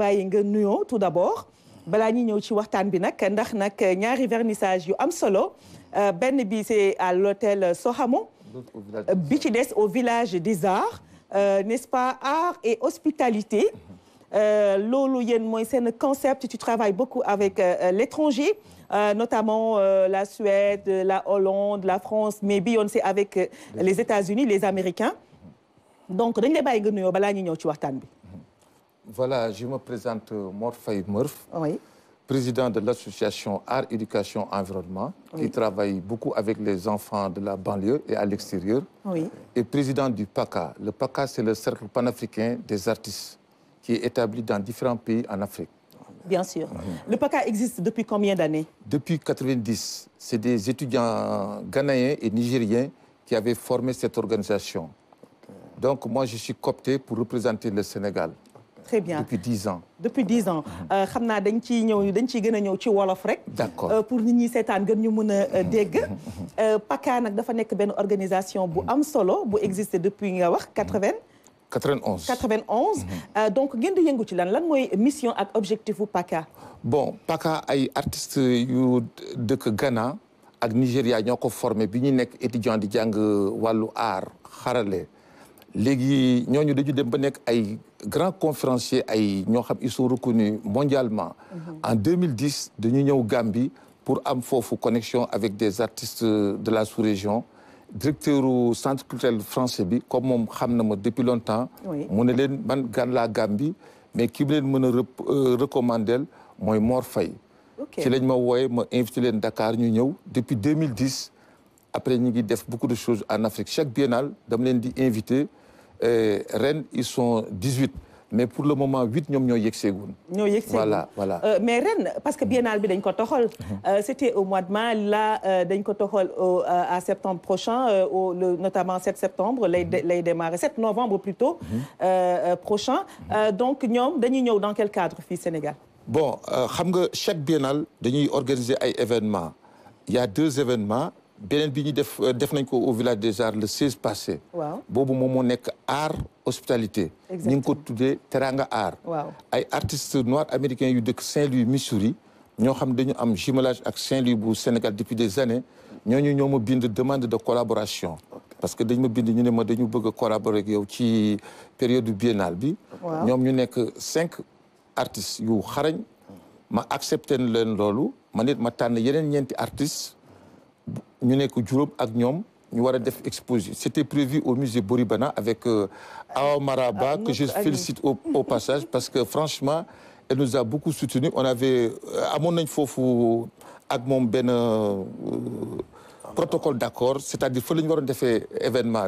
Speaker 1: tout d'abord Balani ñuy ñëw ci waxtaan bi nak ndax nak ñaari vernissage yu am solo bi c'est à l'hôtel Sohamo bi ci au village des arts n'est-ce pas art et hospitalité lolu c'est un un concept tu travailles beaucoup avec l'étranger notamment la Suède la Hollande la France mais bien avec les États-Unis les Américains donc
Speaker 4: voilà je me présente Mor Murph, président de l'association Art Éducation Environnement. qui travaille beaucoup avec les enfants de la banlieue et à l'extérieur. et président du PACA le PACA c'est le cercle panafricain des artistes qui est établi dans différents pays en Afrique.
Speaker 1: Bien sûr. Le PACA existe depuis combien d'années?
Speaker 4: Depuis 90. C'est des étudiants ghanéens et nigériens qui avaient formé cette organisation. Donc moi, je suis copté pour représenter le Sénégal. Très bien. Depuis 10 ans.
Speaker 1: Depuis 10 ans. Je sais que vous êtes venu à Wolof. D'accord. Euh, pour nous, que vous puissiez entendre. PACAN est une organisation qui existe depuis 80. 91. 91. donc, quelle est votre mission et objectif pour PACA
Speaker 4: Bon, PACA est un artiste de Ghana et Nigeria. qui avons formé des étudiants de euh, l'art Walu Art, les ñooñu dañu dem ba grands conférenciers sont reconnus mondialement. Mhm. en 2010 nous sommes au Gambie pour avoir une connexion avec des artistes de la sous-région. directeur du centre culturel français comme je le sais depuis longtemps. mu ne leen Gambie mais qui recommande, recommande mën a euh, Mor Faye. invité à Dakar depuis 2010. après nous avons fait beaucoup de choses en Afrique chaque biennale nous avons invité. Rennes, ils sont 18 mais pour le moment 8 ñoom ñoo yegg
Speaker 1: voilà voilà euh, mais Rennes, parce que biennale mhm. euh, c'était au mois de mai là euh, dañ à septembre prochain notamment 7 septembre les démarre, mhm. démarrer 7 novembre plutôt mhm. prochain donc nous, dañuy dans quel cadre fils Sénégal
Speaker 4: bon xam chaque biennale dañuy organiser un événement. il y a deux événements Bienvenue bi euh, au village des arts le 16 passé. waaw boobu moom moo nekk art hospitalité. ñu ngi ko tuddee teranga art. ay artistes noirs américains yu dëkk Saint-Louis Missouri. ñoo xam dañu am jumelage ak Saint-Louis bu Sénégal depuis des années Nous avons ma bind demande de collaboration. parce que nous avons bind ñu ne ma dañu bëgg collaborer ak yow période biennale bi. ñoom ñu nekk cinq artistes yu xarañ. ma accepté leen loolu ma nit ma tànn yeneen ñeenti artistes ñu nek prévu au musée Boribana avec euh, Aomaraba, ah, que je félicite au, au passage parce que franchement elle nous a beaucoup soutenu on avait à euh, mon fofu ak euh, protocole d'accord, cest à dire qu'il fallait faire événement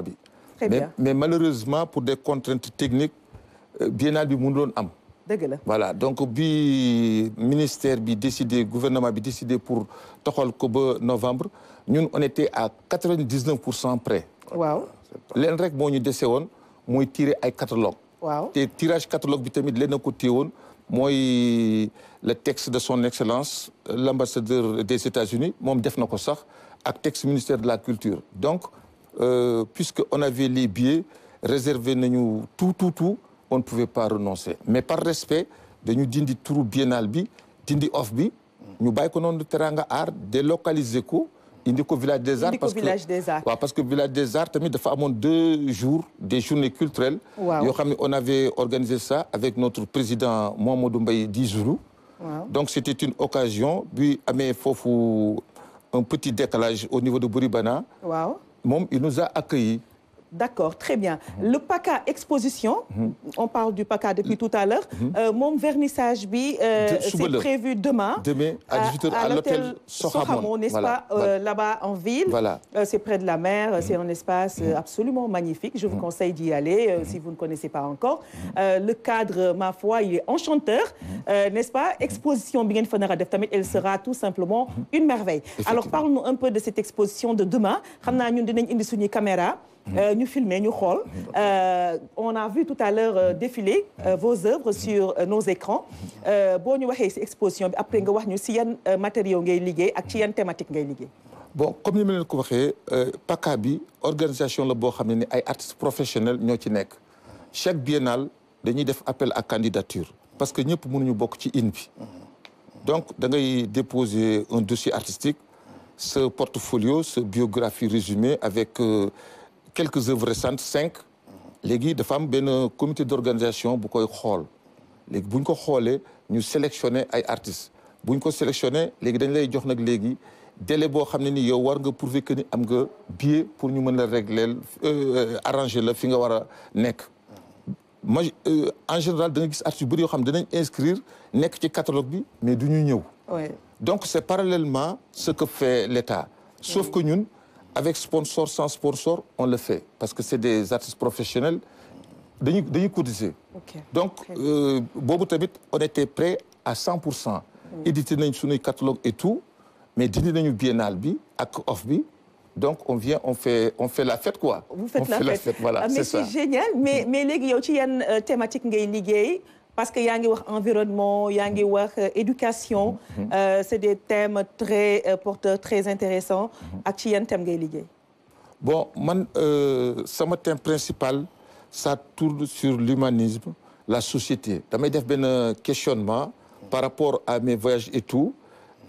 Speaker 4: mais malheureusement pour des contraintes techniques biennale bi monde am voilà donc le ministère a décidé gouvernement a décidé pour le novembre Nous, on était à 99% prêts. près. waaw leen rek nous ñu moi à catalogue tirage catalogue bi tamit c'est le texte de son excellence l'ambassadeur des États-Unis mon Defno, na texte ministère de la culture donc puisqu'on euh, puisque on avait les billets réservé nous tout tout tout on ne pouvait pas renoncer mais par respect nous dindi turu biennale bi dindi off bi ñu bàyyi de noonu Teranga Art délocaliser ko indi ko village des arts parce que le village des arts tamit dafa deux jours des journées culturelles on avait organisé ça avec notre président Mamadou Mbaye jours donc c'était une occasion puis amé fofu, un petit décalage au niveau de Bouribana il nous a accueillis
Speaker 1: D'accord, très bien. Mhm. Le PACA exposition, mhm. on parle du PACA depuis mhm. tout à l'heure. Euh, mon vernissage, bi, euh, c'est prévu demain. à à, l'hôtel n'est-ce pas, euh, là-bas en ville. c'est près de la mer, c'est un espace absolument magnifique. Je vous conseille d'y aller si vous ne connaissez pas encore. le cadre, ma foi, il est enchanteur, n'est-ce pas Exposition Bien Fonara elle sera tout simplement une merveille. Alors, parlons nous un peu de cette exposition de demain. Nous une caméra nous euh, filmer ñu Euh, on a vu tout à l'heure euh, défiler euh, vos œuvres sur nos écrans Bon, nous waxee ci exposition après nga wax ñu ci yan matériaux ngay liggéey ak ci thématique ngay
Speaker 4: bon comme nous l'avons leen ko waxee bi organisation la artistes professionnels chaque biennale dañuy def appel à candidature parce que nous mënuñu bokk ci une bi donc da ngay déposer un dossier artistique ce portfolio ce biographie résumée avec quelques œuvres récentes cinq guides de femmes ben, comité d'organisation bu koy Les léegi bu ñu ko xoolee ñu ay artistes Beaucoup ñu ko sélectionné léegi dañ lay jox dès léegi délai boo xam ne ni yow war nga prouver que ni am nga billet pour ñu mën la régler euh, arranger la fi nga war a Moi, euh, en général da nga gis artistes yu bëri yoo xam dinañ inscrire nek ci catalogue bi mais d'une ñu donc c'est parallèlement ce que fait l'État. sauf que nous avec sponsor, sans sponsor, on le fait. Parce que c'est des artistes professionnels. Dañuy dañuy donc de euh, tamit on était prêt à 100 pour cent. Mm. édité catalogue et tout mais dans nañu biennale bi ak off bi donc on vient on fait on fait la fête quoi. vous faites on la fait fête la fête voilà ah, c'est ça mais c'est
Speaker 1: génial mais mais y a ci une euh, thématique est liée parce qu'il y a un environnement y a wax euh, éducation. Mm-hmm. Mm-hmm. Euh, c'est des thèmes très euh, porteurs très intéressants mm-hmm. ak qui thème
Speaker 4: bon Mon sama thème principal ça tourne sur l'humanisme la société damay def un questionnement par rapport à mes voyages et tout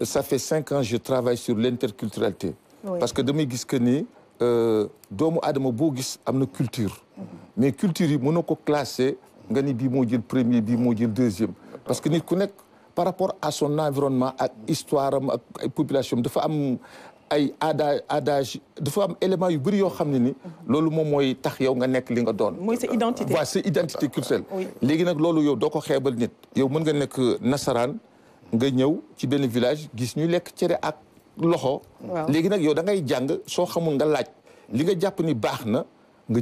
Speaker 4: ça fait cinq ans que je travaille sur l'interculturalité parce que je gis que nous, nous avons gis culture mais culture yi ne peux classer nga ni bii moo jël premier bii moo jël deuxième parce que nit ku nekk par rapport à son environnement ak histoire am ak population dafa am ay adage dafa am élément yu bëri yoo xam ne ni loolu moom mooy tax yow nga nekk li nga doon
Speaker 1: mooy sa identité waaw
Speaker 4: c'est identité culturelle léegi nag loolu yow doko ko nit yow mën nga nekk nasaraan nga ñëw ci benn village gis ñu lekk cere ak loxo léegi nag yow da ngay jàng soo xamul nga laaj li nga jàpp ni baax nga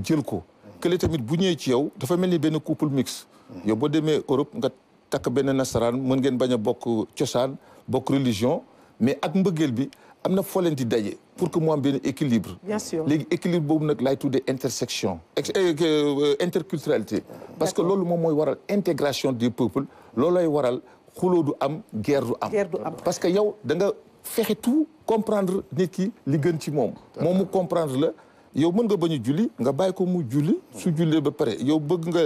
Speaker 4: jël ko kële tamit bu ñëwee ci yow dafa mel ni benn couple a yow de mes Europe nga takk benn nasaraan mën ngeen bañ a bokk cosaan bokk religion mais ak mbëggeel bi amna folenti foo pour que moi am benn équilibre.
Speaker 1: bien sûr L'équilibre,
Speaker 4: équilibre boobu nag laay tuddee intersection. Euh, euh, interculturalité. parce que loolu moom mooy waral intégration du peuple. loolay waral xuloo du am guerre du am. guerre du am parce que yow da nga fexe tout comprendre nit qui li gën ci moom. comprendre le. yow mën nga bañ a julli nga bàyyi ko mu julli su jullee ba pare yow bëgg nga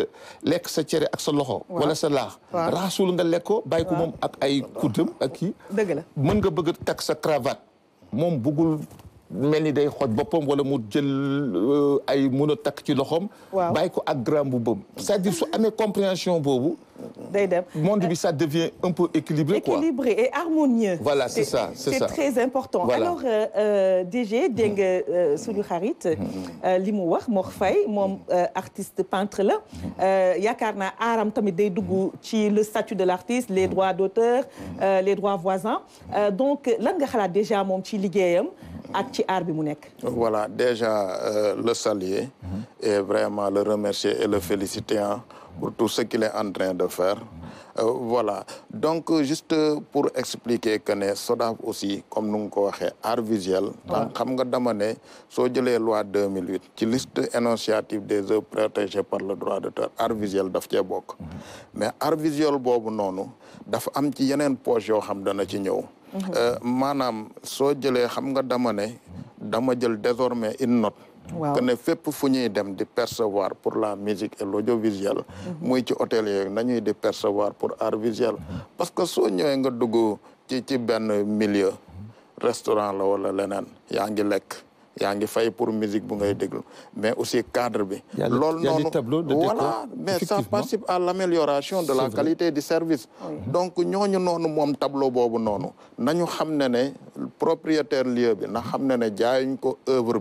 Speaker 4: lekk sa cere ak sa loxo wala sa laax raasul nga lekk ko bàyyi ko moom ak ay kuddam ak kii. dëgg la mën nga bëgg teg sa cravate moom bëggul mel ni day xoj boppam wala mu jël euh, ay mun a takk ci loxoom. waaw bàyyi ko ak grand bu bëm c' à dire su amee compréhension boobu. Le monde ça devient un peu équilibré quoi équilibré et harmonieux. voilà c'est ça c'est très
Speaker 1: important. alors DG je nga suñu xarit. mon wax mm-hmm. euh, artiste peintre là, mm-hmm. euh, Yakarna aram tamit mm-hmm. le statut de l'artiste les droits d'auteur euh, les droits voisins donc déjà nga petit déjà moom ci liggéeyam.
Speaker 3: Voilà, déjà le saluer et vraiment le remercier et le féliciter hein, pour tout ce qu'il est en train de faire. Euh, voilà. Donc, juste pour expliquer que nous SODAV aussi, comme nous ko dit, art visuel. donc vous nga dama la soo loi 2008 ci liste énonciative des œuvres protégées par le droit d'auteur art visuel daf mm-hmm. mais art visuel non nous dafa am ci yeneen poche qui xam dana ci ñëw. vous mm-hmm. euh, soo jëlee xam nga dama ne dama jël désormais une note qu'on que fait pour fournir des dem percevoir pour la musique et l'audiovisuel Moi, mhm. ci hôtel yooyu nañuy des percevoir pour art visuel mhm. parce que si on nga dans ci ci benn milieu restaurant la wala leneen il y a fay pour musique bu ngay déglu mais aussi cadre bi loolu noonu voilà mais ça participe à l'amélioration de la qualité du service donc avons noonu un tableau bobu noonu nañu le propriétaire lieu bi na œuvre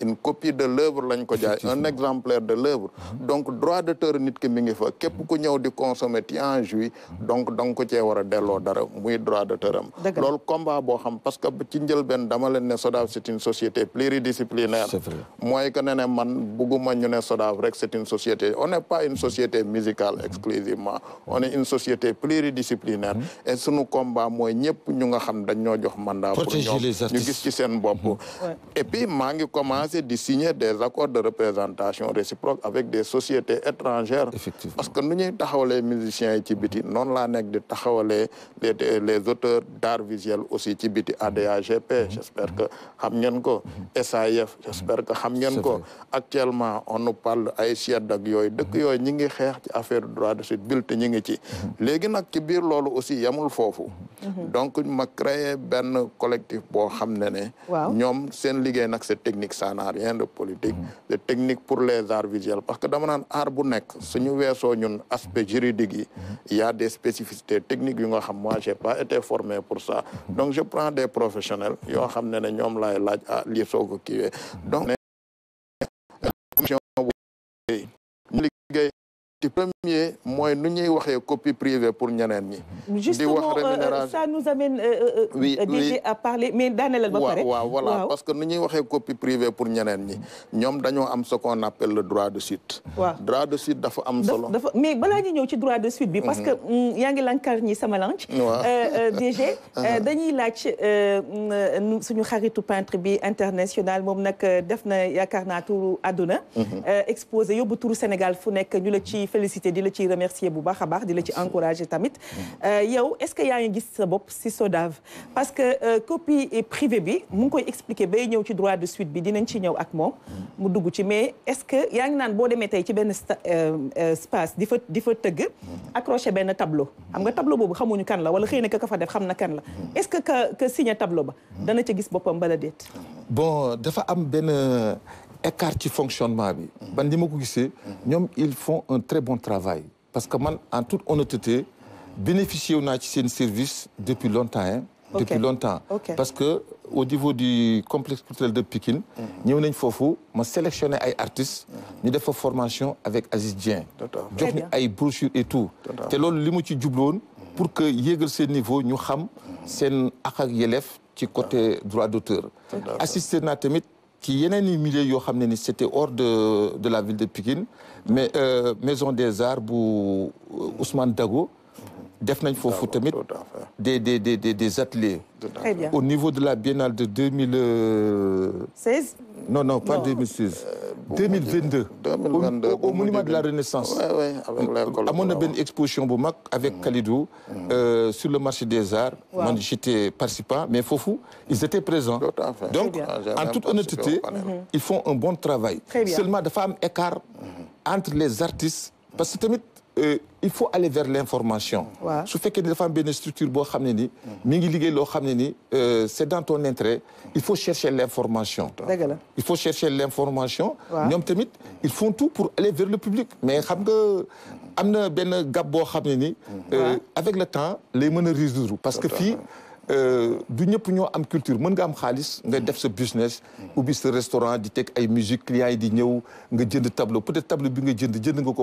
Speaker 3: une copie de l'œuvre lañ ko jaay un exemplaire de l'œuvre mmh. donc droit d'auteur nit ki mi ngi fa képp ku ñëw di consommer ci en juillet mmh. donc donc nga ko cee war a dara muy droit d'auteur am loolu combat bo xam parce que ci ben dama leen né SODAV c'est une société pluridisciplinaire moy que ne ne man buguma ñu né SODAV rek c'est une société on n'est pas une société musicale mmh. exclusivement on est une société pluridisciplinaire et sunu combat moy ñëpp ñu nga xam dañ ñoo jox mandat pour ñoom ñu gis ci seen bopp et puis maa ngi commencer de signer des accords de représentation réciproque avec des sociétés étrangères. Effectivement. parce que nous sommes les musiciens et ci non la non de les les auteurs d'art visuel aussi tibiti ADAGP. Mhm. Mhm. Mhm. J'espère que xam ngeen ko. S.A.F. J'espère que xam actuellement on nous parle à ici à yooyu de yooyu ñi ngi affaire droit de suite Bilt ñi les ci. qui nag ci aussi yamul donc ma créé un collectif pour Hamnene ne ne. ñoom des technique. politique ça n'a de politique de technique pour les arts visuels parce que dama naan art bu nekk suñu weesoo ñun aspect juridique yi y a des spécificités techniques yu nga xam moi j'ai pas été formé pour ça donc je prends des professionnels yoo xam ne ne ñoom laay laaj ah lii soo ko kiiwee donc ci premier mooy nu ñuy waxee copie privée pour ñeneen ñi. Mmh. di wax euh, euh, rémunération ça
Speaker 1: nous amène. Euh, oui à parler mais daanelal ba pare. waaw voilà
Speaker 3: parce que nu ñuy waxee copie privée pour ñeneen ñi ñoom dañoo am ce qu'on appelle le droit de suite. waaw droit de suite dafa am solo. dafa
Speaker 1: mais balaa ñu ñëw ci droit de suite bi. parce mmh. que hum, yaa ngi lankar ñi sama lanc. waaw DG. dañuy laaj hum, suñu xaritu peintre bi international moom nag def na yaakaar naa turu àdduna. Mmh. exposé yóbbu turu Sénégal fu nekk ñu la ci félicité di la ci remercier bu baax a baax ci encouragé tamit mm. euh, yow est-ce y a ngi gis sa bopp si SODAV parce que euh, copie privé bi mu koy expliqué bay ñëw ci droit de suite bi dinañ ci ñëw ak moom mm. mu dugg ci mais est-ce que y'a ngi naan boo demee tey ci benn espace euh, di fa di fa tëgg mm. accroché tableau xam nga tableau boobu xamuñu kan la wala xëy ne ka ka fa def xam kan la est-ce que que signe signé tableau ba dana ca gis boppam bala déet
Speaker 4: bon d'abord, am ben écart ci fonctionnement bi. ban li ils font un très bon travail. parce que moi, en toute honnêteté bénéficier de ce service depuis longtemps hein, depuis longtemps. Parce que au niveau du complexe culturel de Pékin, nous avons sélectionné des artistes, nous avons fait une formation avec Aziz Dien. Nous avons des brochures et tout. C'est ce que nous pour que ce niveau, nous sachions sen élève yelef ci côté droit d'auteur. Assisté na tamit qui est un milieu un xam c'était hors de de la ville de Pikine mais euh, maison des arts ou euh, Ousmane Dago def des des des des ateliers. au niveau de la biennale de 2016 euh, non non pas 2016. 2022. Euh, au monument de la Renaissance. À mon mm, exposition bu avec mm. Kalidou. Mm. Euh, sur le marché des arts. j'étais participant mais fofu ils étaient présents. donc en toute honnêteté. ils font un bon travail. seulement de femmes écart entre les artistes parce que euh, il faut aller vers l'information Ce qui fait dafa les femmes structure euh, c'est dans ton intérêt il faut chercher l'information il faut chercher l'information ils font tout pour aller vers le public mais euh, avec le temps les mën a parce que euh, du ñëpp culture Nous nga business restaurant di musique tableau peut-être tableau bi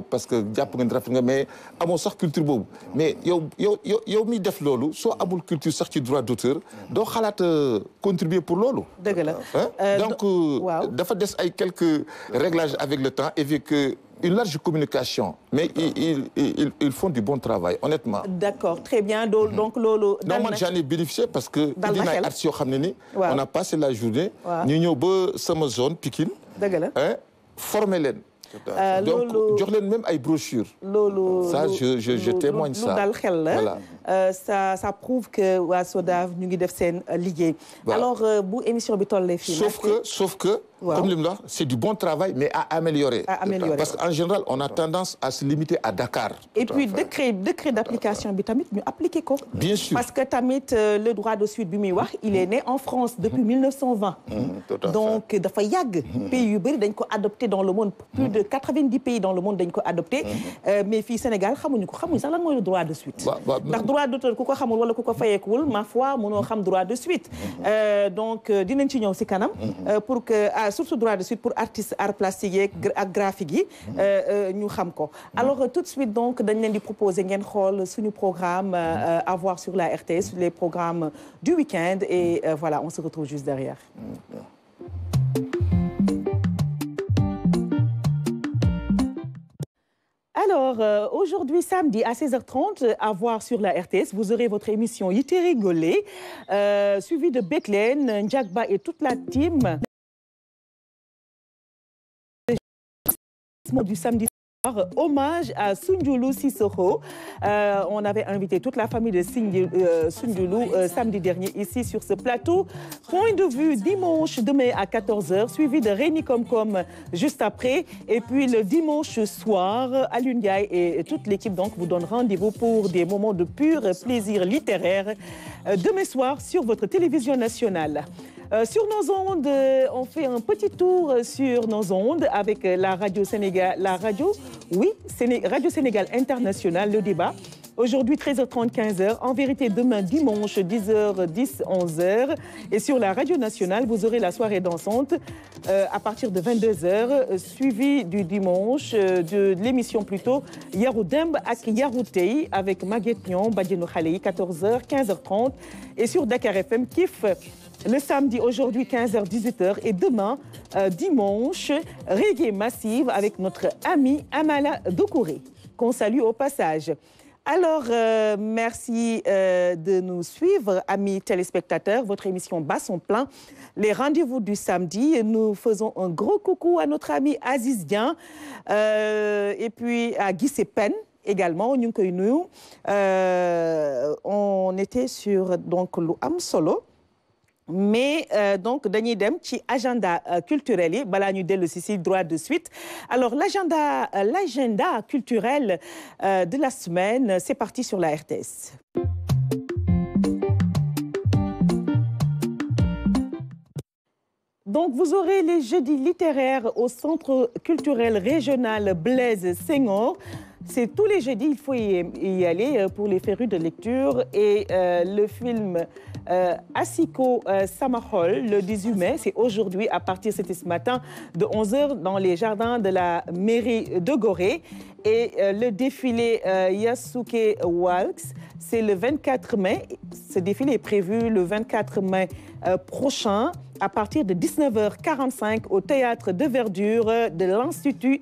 Speaker 4: parce que nous des rafet mais culture mais yow culture droit d'auteur nous euh, contribuer pour hein? euh, donc dafa quelques réglages avec le temps et que une large communication, mais ils, ils, ils, ils, font du bon travail, honnêtement.
Speaker 1: D'accord, très bien. Mhm.
Speaker 4: Donc, mm -hmm. Lolo. Non, moi, j'en ai bénéficié parce que on a passé la journée. Nous avons une zone, Pikin. Hein, former les. Euh, donc jox leen même ay brochures. Lolo. ça je je je témoigne ça euh,
Speaker 1: ça ça prouve que waa SODAV ñu ngi def seen euh, liggéey. alors bu émission bi tollee fii. sauf
Speaker 4: que sauf que. Wow. Comme l'IMLA, c'est du bon travail, mais à améliorer. À améliorer. Parce qu'en général, on a tendance à se limiter à Dakar.
Speaker 1: Et puis, décret, décret d'application, Tamit, nous appliquer quoi Bien sûr. Parce que Tamit, euh, le droit de suite miroir, il est né en France depuis 1920. Mm-hmm. Mmh, Donc, il y a des pays qui adopté dans le monde. Plus mm-hmm. de 90 pays dans le monde ont adopté. Mm-hmm. Euh, mais au Sénégal, nous savons le droit de suite. Le droit d'auteur, nous savons le droit de ma foi, nous savons le droit de suite. Euh, donc, nous savons aussi pour que sur surtout droit de suite pour artistes art plastique et graphique euh, euh, ñu alors euh, tout de suite donc lui propose un proposer sur sur suñu programme euh, à voir sur la RTS les programmes du week-end et voilà on se retrouve juste derrière Alors, aujourd'hui, samedi à 16h30, à voir sur la RTS, vous aurez votre émission Yité Rigolé, euh, suivie de Bethlen, Njagba et toute la team. du samedi soir, hommage à Sunjulu Sissoko. Euh, on avait invité toute la famille de Sinjulu, euh, euh, samedi dernier ici sur ce plateau. Point de vue dimanche demain à 14h, suivi de Rémi Comcom juste après. Et puis le dimanche soir, Alun et toute l'équipe donc vous donne rendez-vous pour des moments de pur plaisir littéraire demain soir sur votre télévision nationale. Euh, sur nos ondes, euh, on fait un petit tour sur nos ondes avec euh, la radio Sénégal, la radio, oui, Radio Sénégal International, le débat. Aujourd'hui, 13h30, 15h. En vérité, demain, dimanche, 10h10, 11h. Et sur la radio nationale, vous aurez la soirée dansante à partir de 22h, suivie du dimanche, de, l'émission plutôt, Yaroudemb ak Yaroutei avec Maguette Nyon, Badienou 14h, 15h30. Et sur Dakar FM, Kif le samedi aujourd'hui 15h-18h et demain euh, dimanche reggae massive avec notre ami Amala Doukouré qu'on salue au passage. Alors, euh, merci euh, de nous suivre, amis téléspectateurs. Votre émission bat son plein. Les rendez-vous du samedi, nous faisons un gros coucou à notre ami Aziz et puis à Guy Sepen également on était sur donc am solo mais euh, donc dañuy dem agenda euh, culturel yi bala ñu droit de suite alors l'agenda euh, culturel de la semaine c'est parti sur la RTS Donc, vous aurez les jeudis littéraires au Centre culturel régional Blaise Senghor. C'est tous les jeudis, il faut y aller pour les férus de lecture. Et le film euh, Asiko euh, Samahol le 18 mai. C'est aujourd'hui à partir, c'était ce matin, de 11h dans les jardins de la mairie de Gorée. Et euh, le défilé Yasuke Walks, c'est le 24 mai. Ce défilé est prévu le 24 mai prochain à partir de 19h45 au théâtre de verdure de l'Institut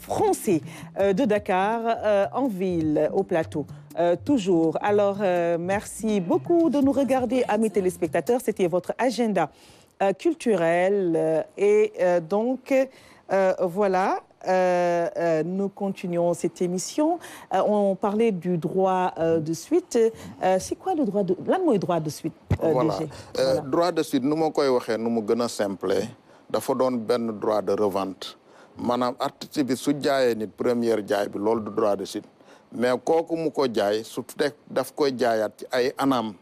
Speaker 1: français de Dakar en ville, au plateau. Euh, toujours. Alors, euh, merci beaucoup de nous regarder, amis téléspectateurs. C'était votre agenda euh, culturel. et donc, voilà. nous continuons cette émission. on parlait du droit de suite. c'est quoi le droit de droit de suite. voilà
Speaker 3: droit de suite Nous avons koy waxee simple. simple ben droit de revente Je artiste bi su première droit de suite. mais kooku mu ko jaay surtout daf koy jaayaat ci ay anam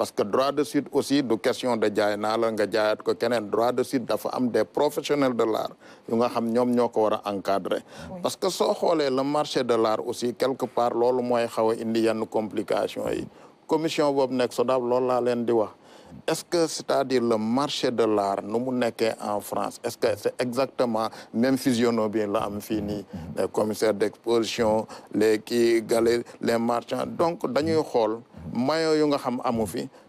Speaker 3: parce que droit de suite aussi du question de jaay naa la nga jaayaat ko keneen droit de suite dafa am des professionnels de l'art yu nga xam ñoom ñoo ko war a encadrer parce que soo xoolee la marché de l'art aussi quelque part loolu mooy xaw a indi yenn complication yi commission boobu nekk SODAV loolu laa leen di wax est-ce que c'est-à-dire le marché de l'art nous ne en France est-ce que c'est exactement même fusion bien la am mm-hmm. les commissaires d'exposition les qui les marchands donc dañuy Hall. mayo yu nga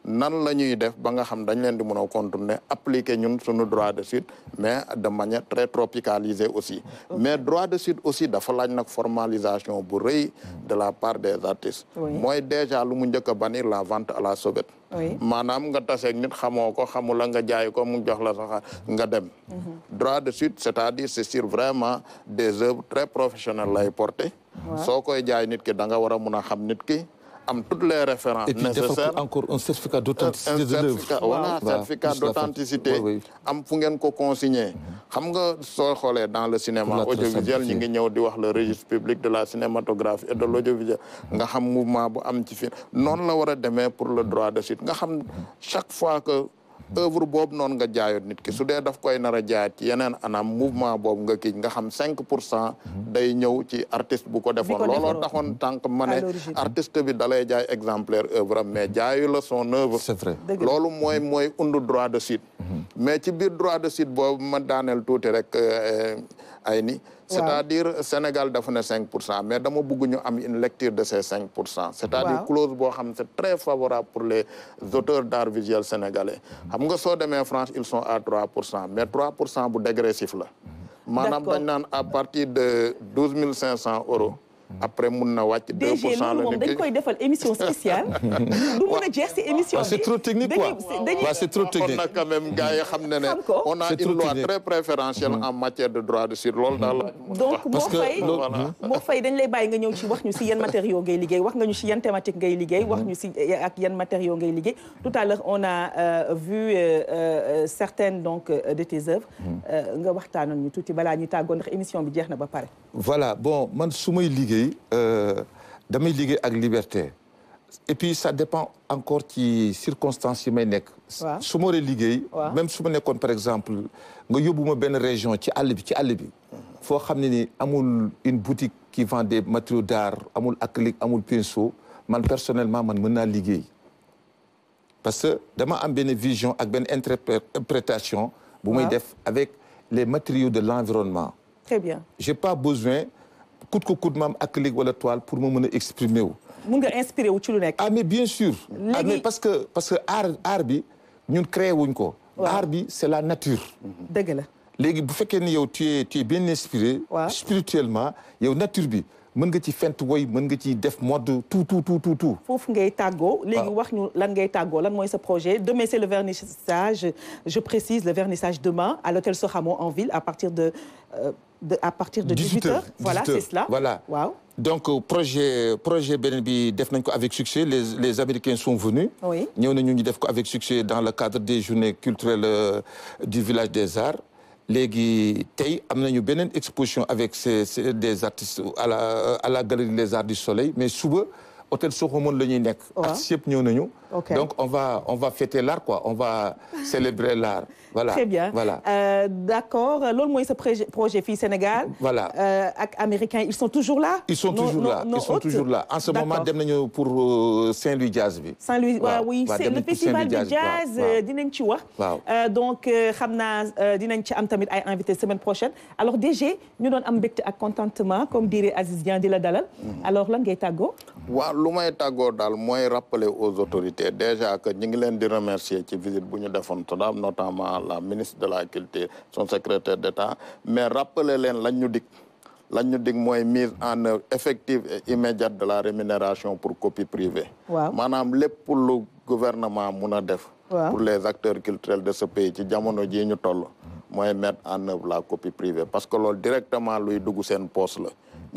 Speaker 3: nan la ñuy def ba nga xam dañ leen di mën a contourner appliquer ñun sunu droit de suite mais de manière très tropicalisée aussi mais droit de suite aussi dafa laaj nag formalisation bu rëy de la part des artistes mooy déjà lu mu njëkk a bannir la vente à la sauvette maanaam nga ta taseeg nit xamoo ko xamula nga jaay ko mu jox la sax nga dem mhm. droit de suite c'est-à-dire c'est vraiment des œuvres très professionnelles lay porté soo koy jaay nit ki da nga war a mun a xam nit ki am toutes les références nécessaires
Speaker 4: encore un certificat d'authenticité de l'œuvre voilà certificat d'authenticité
Speaker 3: am fu ngeen ko consigné xam nga so xoolee dans le cinéma audiovisuel ñi ngi ñëw di wax le registre public de la cinématographie et de l'audiovisuel nga xam mouvement bu am ci film non la wara démé pour le droit de suite nga xam chaque fois que œuvre boobu noonu nga jaayoon nit ki su dee daf koy nar a jaayaat ci yeneen anam mouvement boobu nga kii nga xam cinq pour cent day ñëw ci artiste bu ko defoon looloo taxoon tànk ma artiste bi dalay jaay exemplaire œuvre am mais jaayu la son œuvre c'est vrai loolu mooy mooy undu droit de suite mhm. mais ci biir droit de suite boobu ma daaneel tuuti rek euh, ay ni c'est-à-dire Sénégal a 5 Mais dans mais dama il une lecture de ces 5 c'est-à-dire que la clause c'est très favorable pour les auteurs d'art visuel sénégalais. xam nga demain en France ils sont à 3 mais 3 c'est dégressif là. Madame à partir de 12 500 euros. Mm-hmm. après mun na wàcc. 2 pour cent koy
Speaker 1: defal émission spéciale. du mun a émission c'est trop technique quoi waaw c'est trop
Speaker 3: technique. on a quand même gars yi xam on a une loi très préférentielle mm-hmm. en matière de droit de sur loolu mm-hmm. daal. donc moo fay
Speaker 1: mo fay dañ lay bàyyi nga ñëw ci wax ñu ci yan matériaux ngay liggéey wax nga ñu ci yan thématique ngay liggéey. wax ñu ci eh, ak yan matériaux ngay liggéey. tout à l'heure on a euh, vu euh, euh, certaines donc de tes œuvres. nga waxtaanoon ñu tuuti balaa ñuy tàggoo ndax émission bi jeex na ba paré
Speaker 4: voilà bon man sumay may suis lié avec la liberté et puis ça dépend encore des circonstances yi may nekk. su ma même su par exemple je suis dans une région ci faut bi ci àll bi. une boutique qui vend des matériaux d'art des acrylique des pinceau man personnellement man suis lié. parce que dama am benn vision ak benn interprétation. avec les matériaux de l'environnement. très bien j'ai pas besoin coûte que toile pour exprimer Vous ah, bien sûr. Ah, parce que parce que c'est la nature. Mhm. tu es bien inspiré. spirituellement yow nature bi tout tout tout tout tout.
Speaker 1: projet. demain c'est le vernissage je précise le vernissage demain à l'hôtel Soramo en ville à partir de euh, à partir de 18h. voilà, c'est cela.
Speaker 4: Voilà. Wow. Donc, euh, projet, projet Benenbi avec succès. Les, Américains sont venus. Oui. Nous avons avec succès dans le cadre des journées culturelles euh, du village des arts. Les tey am exposition avec des artistes à la galerie des arts du soleil mais souvent, hôtel Soromon, le ñuy donc on va, on va fêter l'art, quoi. On va célébrer l'art. Voilà. Très bien. Voilà.
Speaker 1: Euh, d'accord. L'autre ce projet Fille Sénégal. Voilà. Euh, américains, ils sont toujours là Ils sont toujours là. ils sont toujours
Speaker 4: là. En ce moment, nous euh, pour Saint-Louis Jazz. Saint-Louis, oui. C'est le festival de jazz, jazz
Speaker 1: Donc, Khamna, Dinenchi Amtamit a invité semaine prochaine. Alors, DG, nous donnons un bec à contentement, comme dirait Aziz Diandila Dalal. Mm-hmm. Alors, l'angue est à go
Speaker 3: Oui, l'angue est à go, rappeler aux autorités déjà que nous de remercier visite notamment la ministre de la culture son secrétaire d'État mais rappelez leen lañ nous dig mis mise en œuvre effective et immédiate de la rémunération pour copie privée madame les pour le gouvernement Mounadef, pour les acteurs culturels de ce pays ci nous mettre en œuvre la copie privée parce que directement lui dugg poste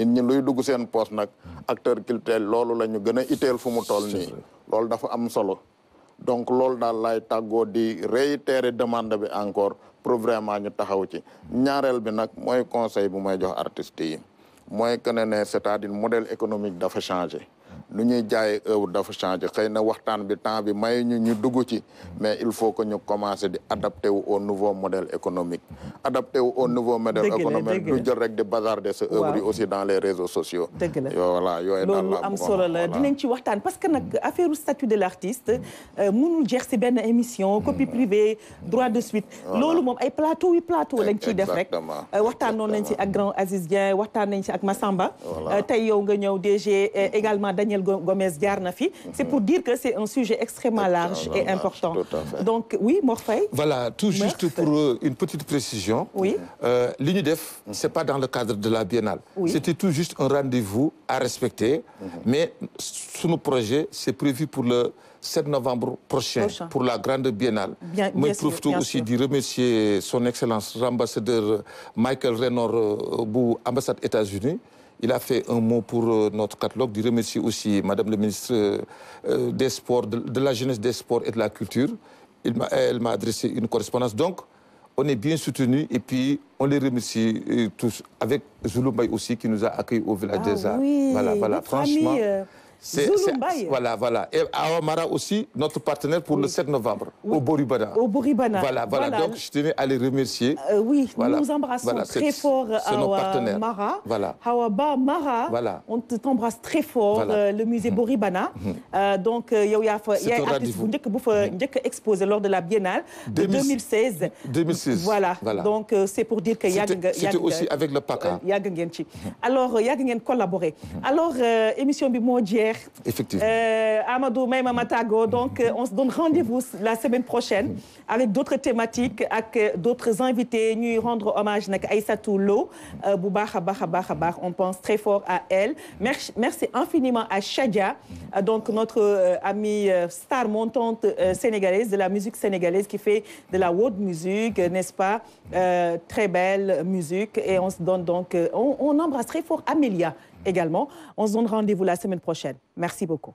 Speaker 3: nit ñi luy dugg seen poste nag acteur culturel loolu la ñu gën a itteel fu mu toll nii loolu dafa am solo donc loolu daal laay tàggoo di rey réitérer demande bi encore pour ñu taxaw ci ñaareel bi nag mooy conseil bu may jox artistes yi mooy que ne ne c'est-à-dire modèle économique dafa changé nu ñuy jaay œuvre dafa changer xeyna na waxtaan bi temps bi may ñu ñu dugg ci mais il faut que ñu commencer di adapter au nouveau modèle économique adapter au nouveau modèle économique du jël rek de bazar de ce œuvre yi aussi dans les réseaux sociaux dëgg la voilà yooyu daal loolu am solo la dinañ
Speaker 1: ci waxtaan parce que nak affaire statut de l'artiste euh, mënul jex ci ben émission hmm. copie privée droit de suite lolu mom ay plateau yi plateau lañ ci def rek euh, waxtaan non nañ ci ak grand Aziz Dieng waxtaan nañ si ak masamba euh, tay yow nga ñew DG également Daniel Gomez Garnafi, c'est pour dire que c'est un sujet extrêmement large et important. donc oui Morfay.
Speaker 4: voilà tout juste pour euh, une petite précision. oui ce euh, n'est c'est pas dans le cadre de la biennale. c'était tout juste un rendez-vous à respecter. Mhm. mais nos projets, c'est prévu pour le 7 novembre prochain, pour la grande biennale. Bien, Moi, je trouve tout aussi de remercier son Excellence l'ambassadeur Michael Renor, euh, ambassade États-Unis. Il a fait un mot pour euh, notre catalogue. Il remercie aussi Madame le ministre euh, euh, des Sports, de, la Jeunesse des Sports et de la Culture. elle m'a adressé une correspondance. Donc, on est bien soutenu et puis on les remercie tous. Avec Zouloumbaï aussi qui nous a accueillis au village ah des Arts. voilà, Franchement. C'est, voilà, voilà. Et à aussi, notre partenaire pour le 7 novembre, oui. au Boribana. Au Boribana. Voilà, voilà, voilà, Donc, je tenais à les remercier. Euh, oui, nous embrassons très fort à Mara. Voilà.
Speaker 1: Hawaba Mara. Voilà. On t'embrasse très fort, euh, le musée mmh. Boribana. Mmh. Euh, donc, il y a un artiste qui mmh. exposé lors de la Biennale de 2016. Voilà. Voilà. Donc, euh, c'est pour dire que C'était aussi avec le PACA. Mmh. Alors, Yag collaboré. Alors, émission Bimodia. Effectivement. Euh, Amadou Matago. Donc, euh, on se donne rendez-vous la semaine prochaine avec d'autres thématiques, avec euh, d'autres invités. Nous rendre hommage à Aïssatou Lo. On pense très fort à elle. Merci, infiniment à Shadia, donc notre amie star montante sénégalaise de la musique sénégalaise qui fait de la world music, n'est-ce pas? très belle musique. Et on se donne donc, on, on embrasse très fort Amélia également. On se donne rendez-vous la semaine prochaine. Merci beaucoup.